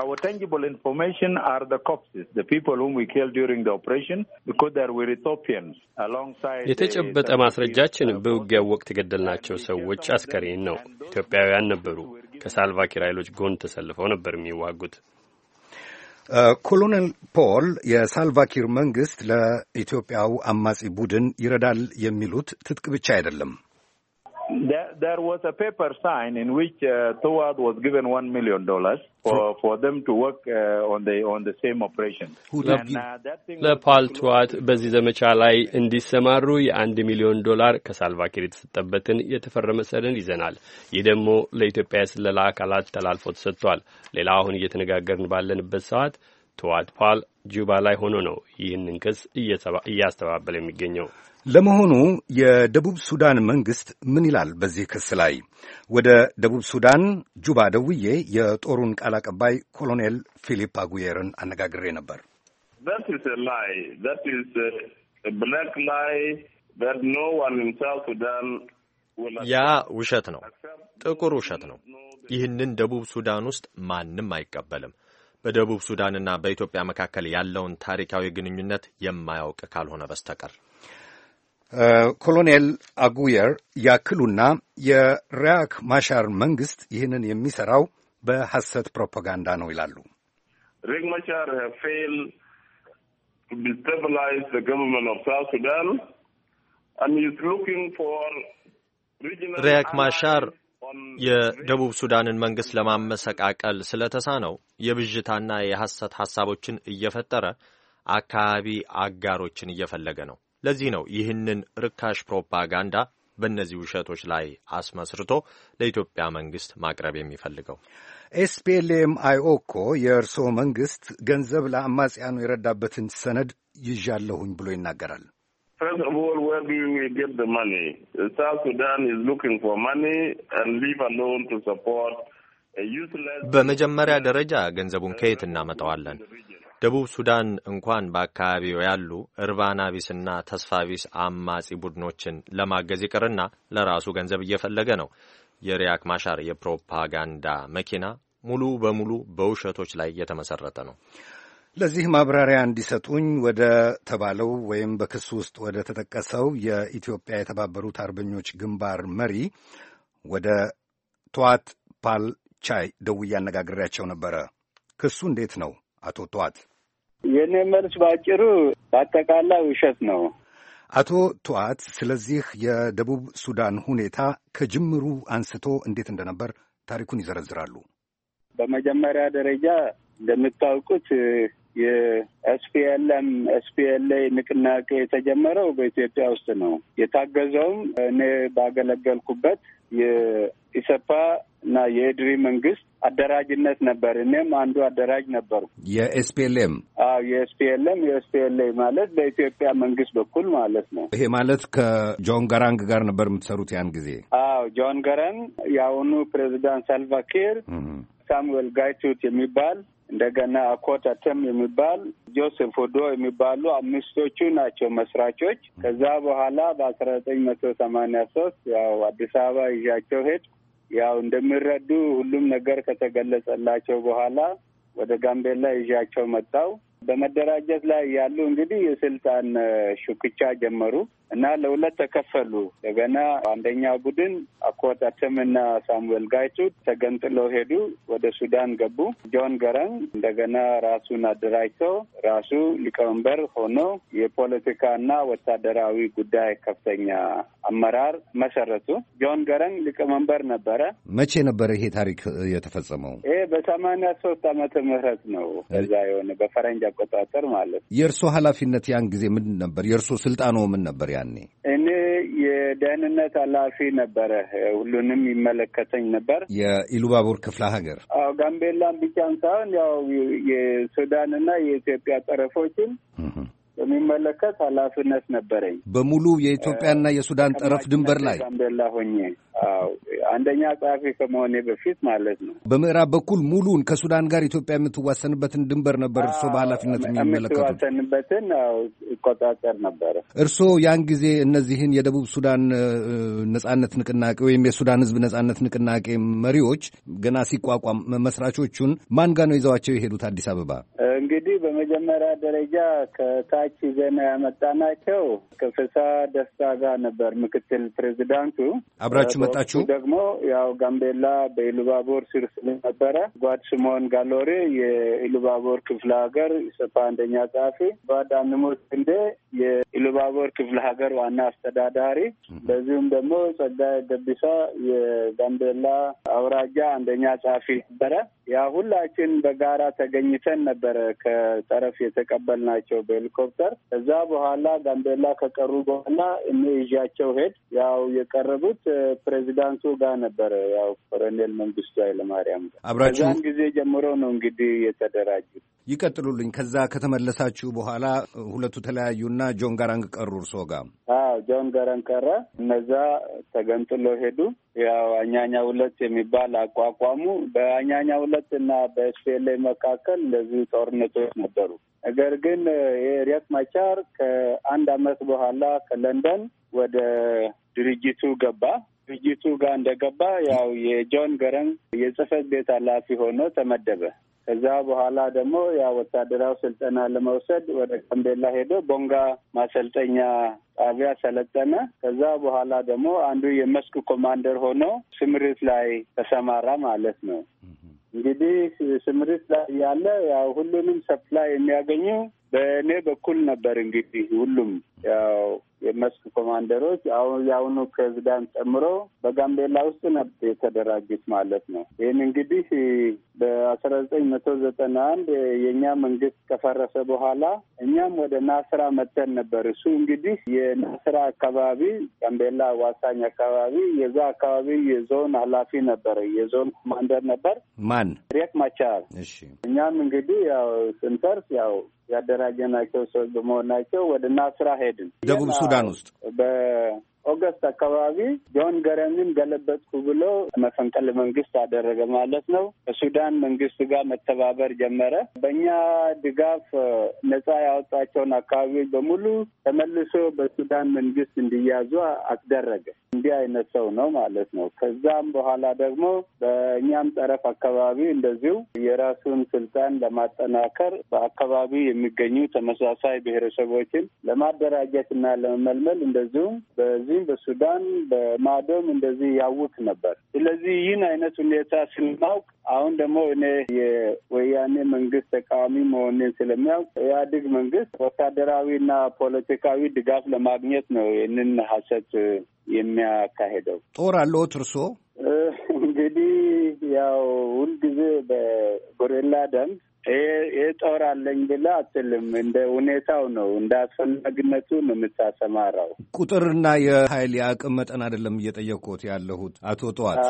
Our tangible information are the corpses, the people whom we killed during the operation, because they were Ethiopians. Alongside የተጨበጠ ማስረጃችን በውጊያው ወቅት የገደልናቸው ሰዎች አስከሬን ነው። ኢትዮጵያውያን ነበሩ። ከሳልቫኪር ኃይሎች ጎን ተሰልፈው ነበር የሚዋጉት። ኮሎኔል ፖል የሳልቫኪር መንግስት ለኢትዮጵያው አማጺ ቡድን ይረዳል የሚሉት ትጥቅ ብቻ አይደለም። there was a paper sign in which uh, Toward was given one million dollars for, hmm. for them to work uh, on the on the same operation. Uh, ለፓል ትዋት በዚህ ዘመቻ ላይ እንዲሰማሩ የአንድ ሚሊዮን ዶላር ከሳልቫኪር የተሰጠበትን የተፈረመ ሰነድ ይዘናል። ይህ ደግሞ ለኢትዮጵያ የስለላ አካላት ተላልፎ ተሰጥቷል። ሌላ አሁን እየተነጋገርን ባለንበት ሰዓት ትዋት ፓል ጁባ ላይ ሆኖ ነው ይህንን ክስ እያስተባበለ የሚገኘው። ለመሆኑ የደቡብ ሱዳን መንግሥት ምን ይላል በዚህ ክስ ላይ? ወደ ደቡብ ሱዳን ጁባ ደውዬ የጦሩን ቃል አቀባይ ኮሎኔል ፊሊፕ አጉየርን አነጋግሬ ነበር። ያ ውሸት ነው፣ ጥቁር ውሸት ነው። ይህንን ደቡብ ሱዳን ውስጥ ማንም አይቀበልም። በደቡብ ሱዳንና በኢትዮጵያ መካከል ያለውን ታሪካዊ ግንኙነት የማያውቅ ካልሆነ በስተቀር ኮሎኔል አጉየር ያክሉና የሪያክ ማሻር መንግስት ይህንን የሚሰራው በሐሰት ፕሮፓጋንዳ ነው ይላሉ። ሪክ ፌል ገቨርንመንት ኦፍ ሱዳን ሪያክ ማሻር የደቡብ ሱዳንን መንግስት ለማመሰቃቀል ነው የብዥታና የሐሰት ሐሳቦችን እየፈጠረ አካባቢ አጋሮችን እየፈለገ ነው። ለዚህ ነው ይህንን ርካሽ ፕሮፓጋንዳ በእነዚህ ውሸቶች ላይ አስመስርቶ ለኢትዮጵያ መንግስት ማቅረብ የሚፈልገው። ኤስፒኤልኤም አይኦኮ የእርስዎ መንግስት ገንዘብ ለአማጽያኑ የረዳበትን ሰነድ ይዣለሁኝ ብሎ ይናገራል። በመጀመሪያ ደረጃ ገንዘቡን ከየት እናመጣዋለን? ደቡብ ሱዳን እንኳን በአካባቢው ያሉ እርባና ቢስና ተስፋ ቢስ አማጺ ቡድኖችን ለማገዝ ይቅርና ለራሱ ገንዘብ እየፈለገ ነው። የሪያክ ማሻር የፕሮፓጋንዳ መኪና ሙሉ በሙሉ በውሸቶች ላይ የተመሰረተ ነው። ለዚህ ማብራሪያ እንዲሰጡኝ ወደ ተባለው ወይም በክሱ ውስጥ ወደ ተጠቀሰው የኢትዮጵያ የተባበሩት አርበኞች ግንባር መሪ ወደ ቷት ፓል ቻይ ደውዬ አነጋግሬያቸው ነበረ። ክሱ እንዴት ነው አቶ ቷት? የእኔ መልስ በአጭሩ በአጠቃላይ ውሸት ነው። አቶ ቱዋት ስለዚህ የደቡብ ሱዳን ሁኔታ ከጅምሩ አንስቶ እንዴት እንደነበር ታሪኩን ይዘረዝራሉ። በመጀመሪያ ደረጃ እንደምታውቁት የኤስፒኤልኤም ኤስፒኤልኤ ንቅናቄ የተጀመረው በኢትዮጵያ ውስጥ ነው። የታገዘውም እኔ ባገለገልኩበት የኢሰፓ እና የኤድሪ መንግስት አደራጅነት ነበር። እኔም አንዱ አደራጅ ነበሩ። የኤስፒኤልኤም አዎ፣ የኤስፒኤልኤም የኤስፒኤልኤ ማለት በኢትዮጵያ መንግስት በኩል ማለት ነው። ይሄ ማለት ከጆን ገራንግ ጋር ነበር የምትሰሩት ያን ጊዜ? አዎ፣ ጆን ገራንግ፣ የአሁኑ ፕሬዚዳንት ሳልቫኪር፣ ሳሙኤል ጋይቱት የሚባል እንደገና አኮት አተም የሚባል ጆሴፍ ወዶ የሚባሉ አምስቶቹ ናቸው መስራቾች። ከዛ በኋላ በአስራ ዘጠኝ መቶ ሰማኒያ ሶስት ያው አዲስ አበባ ይዣቸው ሄድ ያው እንደሚረዱ ሁሉም ነገር ከተገለጸላቸው በኋላ ወደ ጋምቤላ ይዣቸው መጣው። በመደራጀት ላይ ያሉ እንግዲህ የስልጣን ሹክቻ ጀመሩ እና ለሁለት ተከፈሉ። እንደገና አንደኛ ቡድን አኮት አተምና ሳሙኤል ጋይቱ ተገንጥለው ሄዱ፣ ወደ ሱዳን ገቡ። ጆን ገረን እንደገና ራሱን አደራጅቶ ራሱ ሊቀመንበር ሆኖ የፖለቲካና ወታደራዊ ጉዳይ ከፍተኛ አመራር መሰረቱ። ጆን ገረን ሊቀመንበር ነበረ። መቼ ነበረ ይሄ ታሪክ የተፈጸመው? ይሄ በሰማንያ ሶስት ዓመተ ምህረት ነው። እዛ የሆነ በፈረንጅ አቆጣጠር ማለት ነው። የእርሶ ኃላፊነት ያን ጊዜ ምን ነበር? የእርሶ ስልጣኖ ምን ነበር? ያኔ እኔ የደህንነት ኃላፊ ነበረ። ሁሉንም ይመለከተኝ ነበር። የኢሉባቡር ክፍለ ሀገር ጋምቤላን ብቻን ሳይሆን ያው የሱዳንና የኢትዮጵያ ጠረፎችን በሚመለከት ኃላፊነት ነበረኝ። በሙሉ የኢትዮጵያና የሱዳን ጠረፍ ድንበር ላይ ጋምቤላ ሆኜ አንደኛ ጸሐፊ ከመሆኔ በፊት ማለት ነው። በምዕራብ በኩል ሙሉን ከሱዳን ጋር ኢትዮጵያ የምትዋሰንበትን ድንበር ነበር እርስዎ በኃላፊነት የሚመለከቱት። የምትዋሰንበትን ይቆጣጠር ነበረ። እርስዎ ያን ጊዜ እነዚህን የደቡብ ሱዳን ነጻነት ንቅናቄ ወይም የሱዳን ሕዝብ ነጻነት ንቅናቄ መሪዎች ገና ሲቋቋም መስራቾቹን ማን ጋር ነው ይዘዋቸው የሄዱት አዲስ አበባ? እንግዲህ በመጀመሪያ ደረጃ ከታች ዜና ያመጣናቸው ከፍሳ ደስታ ጋር ነበር ምክትል ፕሬዚዳንቱ አብራችሁ የመጣችሁ? ደግሞ ያው ጋምቤላ በኢሉባቦር ስር ስለነበረ ጓድ ስምኦን ጋሎሬ የኢሉባቦር ክፍለ ሀገር ኢሰፓ አንደኛ ጸሐፊ፣ ጓድ አንሙር ክንዴ የኢሉባቦር ክፍለ ሀገር ዋና አስተዳዳሪ፣ በዚሁም ደግሞ ጸጋይ ገቢሳ የጋምቤላ አውራጃ አንደኛ ጸሐፊ ነበረ። ያ ሁላችን በጋራ ተገኝተን ነበረ ከጠረፍ የተቀበልናቸው በሄሊኮፕተር። ከዛ በኋላ ጋምቤላ ከቀሩ በኋላ እኔ ይዣቸው ሄድ ያው የቀረቡት ፕሬዚዳንቱ ጋር ነበረ፣ ያው ኮሎኔል መንግስቱ ኃይለማርያም ጋር አብራችሁ ከዛን ጊዜ ጀምሮ ነው እንግዲህ የተደራጁ። ይቀጥሉልኝ። ከዛ ከተመለሳችሁ በኋላ ሁለቱ ተለያዩና ጆን ጋራንግ ቀሩ እርሶ ጋር? አዎ ጆን ጋራንግ ቀረ። እነዛ ተገንጥሎ ሄዱ። ያው አኛኛ ሁለት የሚባል አቋቋሙ። በአኛኛ ሁለት እና በኤስፒኤልኤ መካከል እንደዚህ ጦርነቶች ነበሩ። ነገር ግን የሪያክ ማቻር ከአንድ አመት በኋላ ከለንደን ወደ ድርጅቱ ገባ። ድርጅቱ ጋር እንደገባ ያው የጆን ገረን የጽህፈት ቤት ኃላፊ ሆኖ ተመደበ። ከዛ በኋላ ደግሞ ያ ወታደራዊ ስልጠና ለመውሰድ ወደ ጋምቤላ ሄዶ ቦንጋ ማሰልጠኛ ጣቢያ ሰለጠነ። ከዛ በኋላ ደግሞ አንዱ የመስክ ኮማንደር ሆኖ ስምሪት ላይ ተሰማራ ማለት ነው። እንግዲህ ስምሪት ላይ ያለ ያው ሁሉንም ሰፕላይ የሚያገኙ በእኔ በኩል ነበር። እንግዲህ ሁሉም ያው የመስክ ኮማንደሮች አሁን የአሁኑ ፕሬዚዳንት ጨምሮ በጋምቤላ ውስጥ ነበር የተደራጁት ማለት ነው። ይህን እንግዲህ በአስራ ዘጠኝ መቶ ዘጠና አንድ የእኛ መንግስት ከፈረሰ በኋላ እኛም ወደ ናስራ መተን ነበር። እሱ እንግዲህ የናስራ አካባቢ ጋምቤላ ዋሳኝ አካባቢ የዛ አካባቢ የዞን ኃላፊ ነበረ፣ የዞን ኮማንደር ነበር ማን ሪያክ ማቻር። እኛም እንግዲህ ያው ስንተርስ ያው ያደራጀናቸው ሰዎች በመሆናቸው ወደ ናስራ ሄ አልሄድም። ደቡብ ሱዳን ውስጥ ኦገስት አካባቢ ጆን ገረንን ገለበጥኩ ብሎ መፈንቅለ መንግስት አደረገ ማለት ነው። ከሱዳን መንግስት ጋር መተባበር ጀመረ። በእኛ ድጋፍ ነጻ ያወጣቸውን አካባቢዎች በሙሉ ተመልሶ በሱዳን መንግስት እንዲያዙ አስደረገ። እንዲህ አይነት ሰው ነው ማለት ነው። ከዛም በኋላ ደግሞ በእኛም ጠረፍ አካባቢ እንደዚሁ የራሱን ስልጣን ለማጠናከር በአካባቢ የሚገኙ ተመሳሳይ ብሔረሰቦችን ለማደራጀት እና ለመመልመል እንደዚሁም በዚ በዚህም በሱዳን በማዶም እንደዚህ ያውቅ ነበር። ስለዚህ ይህን አይነት ሁኔታ ስናውቅ አሁን ደግሞ እኔ የወያኔ መንግስት ተቃዋሚ መሆኔን ስለሚያውቅ ኢህአዴግ መንግስት ወታደራዊና ፖለቲካዊ ድጋፍ ለማግኘት ነው ይህንን ሀሰት የሚያካሄደው። ጦር አለዎት እርስዎ? እንግዲህ ያው ሁልጊዜ በጎሬላ ደንብ የጦር ጦር አለኝ ብለህ አትልም። እንደ ሁኔታው ነው፣ እንደ አስፈላጊነቱ ነው የምታሰማራው። ቁጥርና የኃይል የአቅም መጠን አይደለም እየጠየቅኩት ያለሁት አቶ ጠዋት።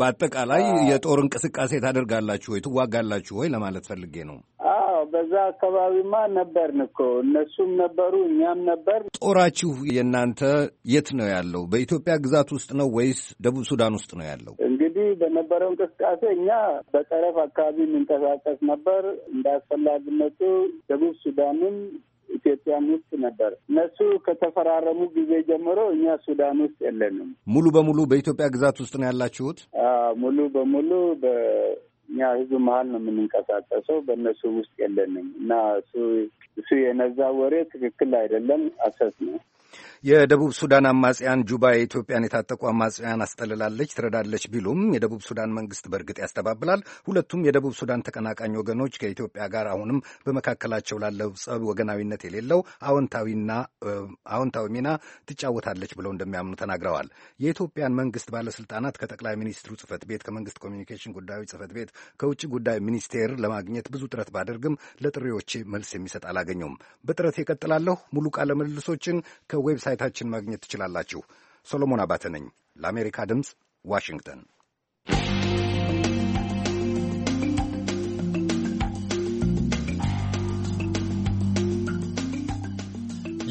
በአጠቃላይ የጦር እንቅስቃሴ ታደርጋላችሁ ወይ ትዋጋላችሁ ወይ ለማለት ፈልጌ ነው። አዎ፣ በዛ አካባቢማ ነበርን እኮ እነሱም ነበሩ፣ እኛም ነበር። ጦራችሁ የእናንተ የት ነው ያለው? በኢትዮጵያ ግዛት ውስጥ ነው ወይስ ደቡብ ሱዳን ውስጥ ነው ያለው? እንግዲህ በነበረው እንቅስቃሴ እኛ በጠረፍ አካባቢ የምንቀሳቀስ ነበር። እንደ አስፈላጊነቱ ደቡብ ሱዳንም ኢትዮጵያም ውስጥ ነበር። እነሱ ከተፈራረሙ ጊዜ ጀምሮ እኛ ሱዳን ውስጥ የለንም። ሙሉ በሙሉ በኢትዮጵያ ግዛት ውስጥ ነው ያላችሁት? ሙሉ በሙሉ በእኛ ሕዝብ መሀል ነው የምንንቀሳቀሰው። በእነሱ ውስጥ የለንም እና እሱ የነዛ ወሬ ትክክል አይደለም፣ አሰስ ነው። የደቡብ ሱዳን አማጽያን ጁባ የኢትዮጵያን የታጠቁ አማጽያን አስጠልላለች፣ ትረዳለች ቢሉም የደቡብ ሱዳን መንግስት በእርግጥ ያስተባብላል። ሁለቱም የደቡብ ሱዳን ተቀናቃኝ ወገኖች ከኢትዮጵያ ጋር አሁንም በመካከላቸው ላለው ጸብ ወገናዊነት የሌለው አዎንታዊና አዎንታዊ ሚና ትጫወታለች ብለው እንደሚያምኑ ተናግረዋል። የኢትዮጵያን መንግስት ባለስልጣናት ከጠቅላይ ሚኒስትሩ ጽህፈት ቤት፣ ከመንግስት ኮሚኒኬሽን ጉዳዮች ጽህፈት ቤት፣ ከውጭ ጉዳይ ሚኒስቴር ለማግኘት ብዙ ጥረት ባደርግም ለጥሪዎቼ መልስ የሚሰጥ አላገኘውም። በጥረት ይቀጥላለሁ። ሙሉ ቃለ ምልልሶችን ከዌብሳ በዌብሳይታችን ማግኘት ትችላላችሁ። ሶሎሞን አባተ ነኝ ለአሜሪካ ድምፅ ዋሽንግተን።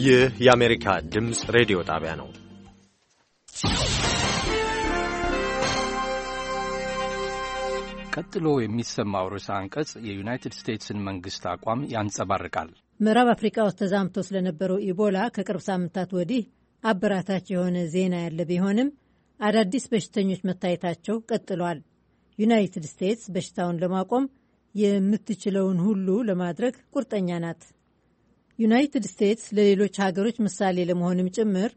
ይህ የአሜሪካ ድምፅ ሬዲዮ ጣቢያ ነው። ቀጥሎ የሚሰማው ርዕሰ አንቀጽ የዩናይትድ ስቴትስን መንግሥት አቋም ያንጸባርቃል። ምዕራብ አፍሪቃ ውስጥ ተዛምቶ ስለነበረው ኢቦላ ከቅርብ ሳምንታት ወዲህ አበራታች የሆነ ዜና ያለ ቢሆንም አዳዲስ በሽተኞች መታየታቸው ቀጥሏል። ዩናይትድ ስቴትስ በሽታውን ለማቆም የምትችለውን ሁሉ ለማድረግ ቁርጠኛ ናት። ዩናይትድ ስቴትስ ለሌሎች ሀገሮች ምሳሌ ለመሆንም ጭምር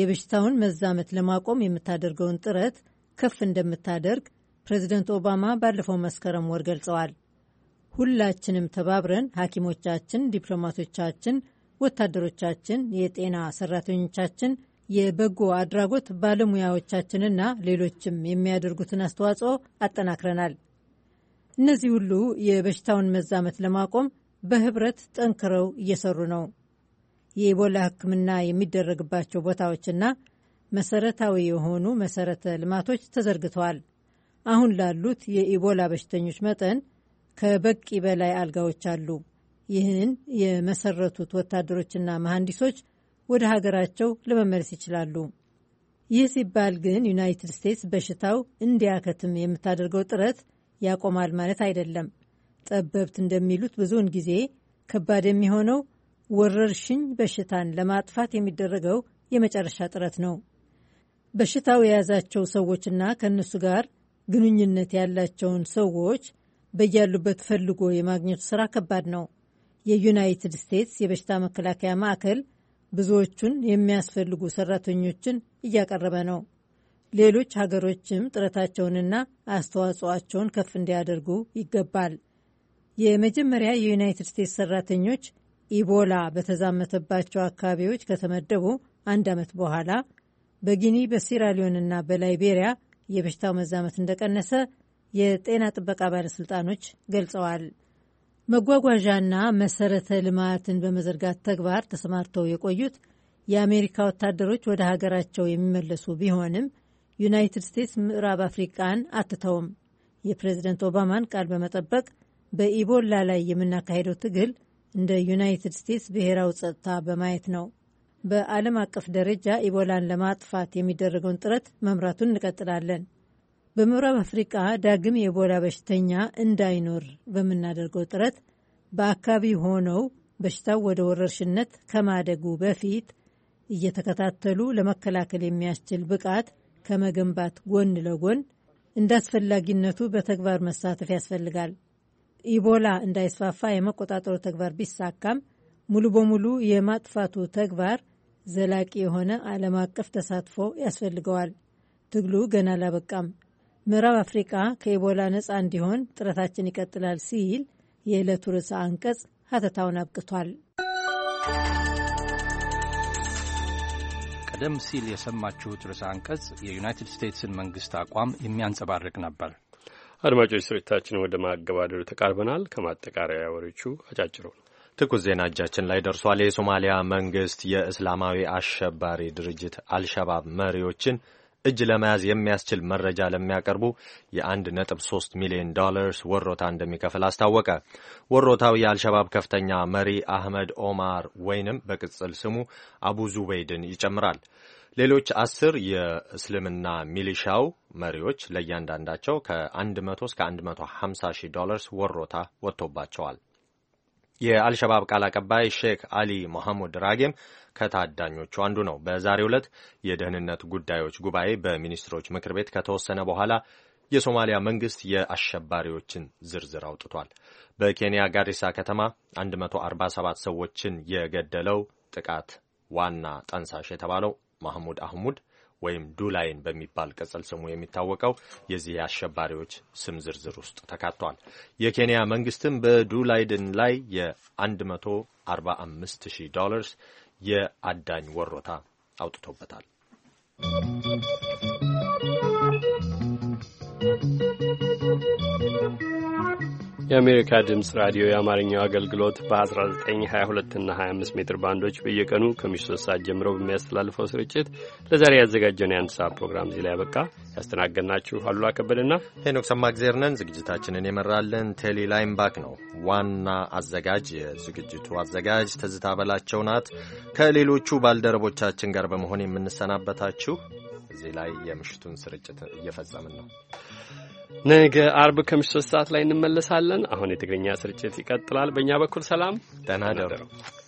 የበሽታውን መዛመት ለማቆም የምታደርገውን ጥረት ከፍ እንደምታደርግ ፕሬዚደንት ኦባማ ባለፈው መስከረም ወር ገልጸዋል። ሁላችንም ተባብረን ሐኪሞቻችን፣ ዲፕሎማቶቻችን፣ ወታደሮቻችን፣ የጤና ሰራተኞቻችን፣ የበጎ አድራጎት ባለሙያዎቻችንና ሌሎችም የሚያደርጉትን አስተዋጽኦ አጠናክረናል። እነዚህ ሁሉ የበሽታውን መዛመት ለማቆም በህብረት ጠንክረው እየሰሩ ነው። የኢቦላ ሕክምና የሚደረግባቸው ቦታዎችና መሰረታዊ የሆኑ መሰረተ ልማቶች ተዘርግተዋል። አሁን ላሉት የኢቦላ በሽተኞች መጠን ከበቂ በላይ አልጋዎች አሉ። ይህንን የመሰረቱት ወታደሮችና መሐንዲሶች ወደ ሀገራቸው ለመመለስ ይችላሉ። ይህ ሲባል ግን ዩናይትድ ስቴትስ በሽታው እንዲያከትም የምታደርገው ጥረት ያቆማል ማለት አይደለም። ጠበብት እንደሚሉት ብዙውን ጊዜ ከባድ የሚሆነው ወረርሽኝ በሽታን ለማጥፋት የሚደረገው የመጨረሻ ጥረት ነው። በሽታው የያዛቸው ሰዎችና ከእነሱ ጋር ግንኙነት ያላቸውን ሰዎች በያሉበት ፈልጎ የማግኘቱ ስራ ከባድ ነው። የዩናይትድ ስቴትስ የበሽታ መከላከያ ማዕከል ብዙዎቹን የሚያስፈልጉ ሰራተኞችን እያቀረበ ነው። ሌሎች ሀገሮችም ጥረታቸውንና አስተዋጽኦአቸውን ከፍ እንዲያደርጉ ይገባል። የመጀመሪያ የዩናይትድ ስቴትስ ሰራተኞች ኢቦላ በተዛመተባቸው አካባቢዎች ከተመደቡ አንድ ዓመት በኋላ በጊኒ በሲራሊዮንና በላይቤሪያ የበሽታው መዛመት እንደቀነሰ የጤና ጥበቃ ባለሥልጣኖች ገልጸዋል። መጓጓዣና መሰረተ ልማትን በመዘርጋት ተግባር ተሰማርተው የቆዩት የአሜሪካ ወታደሮች ወደ ሀገራቸው የሚመለሱ ቢሆንም ዩናይትድ ስቴትስ ምዕራብ አፍሪቃን አትተውም። የፕሬዝደንት ኦባማን ቃል በመጠበቅ በኢቦላ ላይ የምናካሄደው ትግል እንደ ዩናይትድ ስቴትስ ብሔራዊ ጸጥታ በማየት ነው። በዓለም አቀፍ ደረጃ ኢቦላን ለማጥፋት የሚደረገውን ጥረት መምራቱን እንቀጥላለን። በምዕራብ አፍሪቃ ዳግም የኢቦላ በሽተኛ እንዳይኖር በምናደርገው ጥረት በአካባቢ ሆነው በሽታው ወደ ወረርሽነት ከማደጉ በፊት እየተከታተሉ ለመከላከል የሚያስችል ብቃት ከመገንባት ጎን ለጎን እንዳስፈላጊነቱ በተግባር መሳተፍ ያስፈልጋል። ኢቦላ እንዳይስፋፋ የመቆጣጠሩ ተግባር ቢሳካም ሙሉ በሙሉ የማጥፋቱ ተግባር ዘላቂ የሆነ ዓለም አቀፍ ተሳትፎ ያስፈልገዋል። ትግሉ ገና አላበቃም። ምዕራብ አፍሪቃ ከኢቦላ ነፃ እንዲሆን ጥረታችን ይቀጥላል ሲል የዕለቱ ርዕሰ አንቀጽ ሀተታውን አብቅቷል። ቀደም ሲል የሰማችሁት ርዕሰ አንቀጽ የዩናይትድ ስቴትስን መንግስት አቋም የሚያንጸባርቅ ነበር። አድማጮች ስርጭታችን ወደ ማገባደዱ ተቃርበናል። ከማጠቃለያ ወሬዎቹ አጫጭሩ ትኩስ ዜና እጃችን ላይ ደርሷል። የሶማሊያ መንግስት የእስላማዊ አሸባሪ ድርጅት አልሸባብ መሪዎችን እጅ ለመያዝ የሚያስችል መረጃ ለሚያቀርቡ የ1.3 ሚሊዮን ዶላርስ ወሮታ እንደሚከፍል አስታወቀ። ወሮታው የአልሸባብ ከፍተኛ መሪ አህመድ ኦማር ወይንም በቅጽል ስሙ አቡ ዙበይድን ይጨምራል። ሌሎች አስር የእስልምና ሚሊሻው መሪዎች ለእያንዳንዳቸው ከ100 እስከ 150 ሺህ ዶላርስ ወሮታ ወጥቶባቸዋል። የአልሸባብ ቃል አቀባይ ሼክ አሊ መሐሙድ ራጌም ከታዳኞቹ አንዱ ነው። በዛሬው ዕለት የደህንነት ጉዳዮች ጉባኤ በሚኒስትሮች ምክር ቤት ከተወሰነ በኋላ የሶማሊያ መንግስት የአሸባሪዎችን ዝርዝር አውጥቷል። በኬንያ ጋሪሳ ከተማ 147 ሰዎችን የገደለው ጥቃት ዋና ጠንሳሽ የተባለው ማህሙድ አህሙድ ወይም ዱላይን በሚባል ቅጽል ስሙ የሚታወቀው የዚህ አሸባሪዎች ስም ዝርዝር ውስጥ ተካቷል። የኬንያ መንግስትም በዱላይድን ላይ የ 145000 ዶላርስ የአዳኝ ወሮታ አውጥቶበታል። የአሜሪካ ድምፅ ራዲዮ የአማርኛው አገልግሎት በ1922 እና 25 ሜትር ባንዶች በየቀኑ ከምሽቱ ሰዓት ጀምሮ በሚያስተላልፈው ስርጭት ለዛሬ ያዘጋጀውን የአንድ ሰዓት ፕሮግራም እዚህ ላይ ያበቃ። ያስተናገድናችሁ አሉላ ከበደና ሄኖክ ሰማእግዜር ነን። ዝግጅታችንን የመራልን ቴሊ ላይምባክ ነው። ዋና አዘጋጅ የዝግጅቱ አዘጋጅ ትዝታ በላቸው ናት። ከሌሎቹ ባልደረቦቻችን ጋር በመሆን የምንሰናበታችሁ እዚህ ላይ የምሽቱን ስርጭት እየፈጸምን ነው። ነገ አርብ ከምሽት ሶስት ሰዓት ላይ እንመለሳለን። አሁን የትግርኛ ስርጭት ይቀጥላል። በእኛ በኩል ሰላም፣ ደህና ደሩ።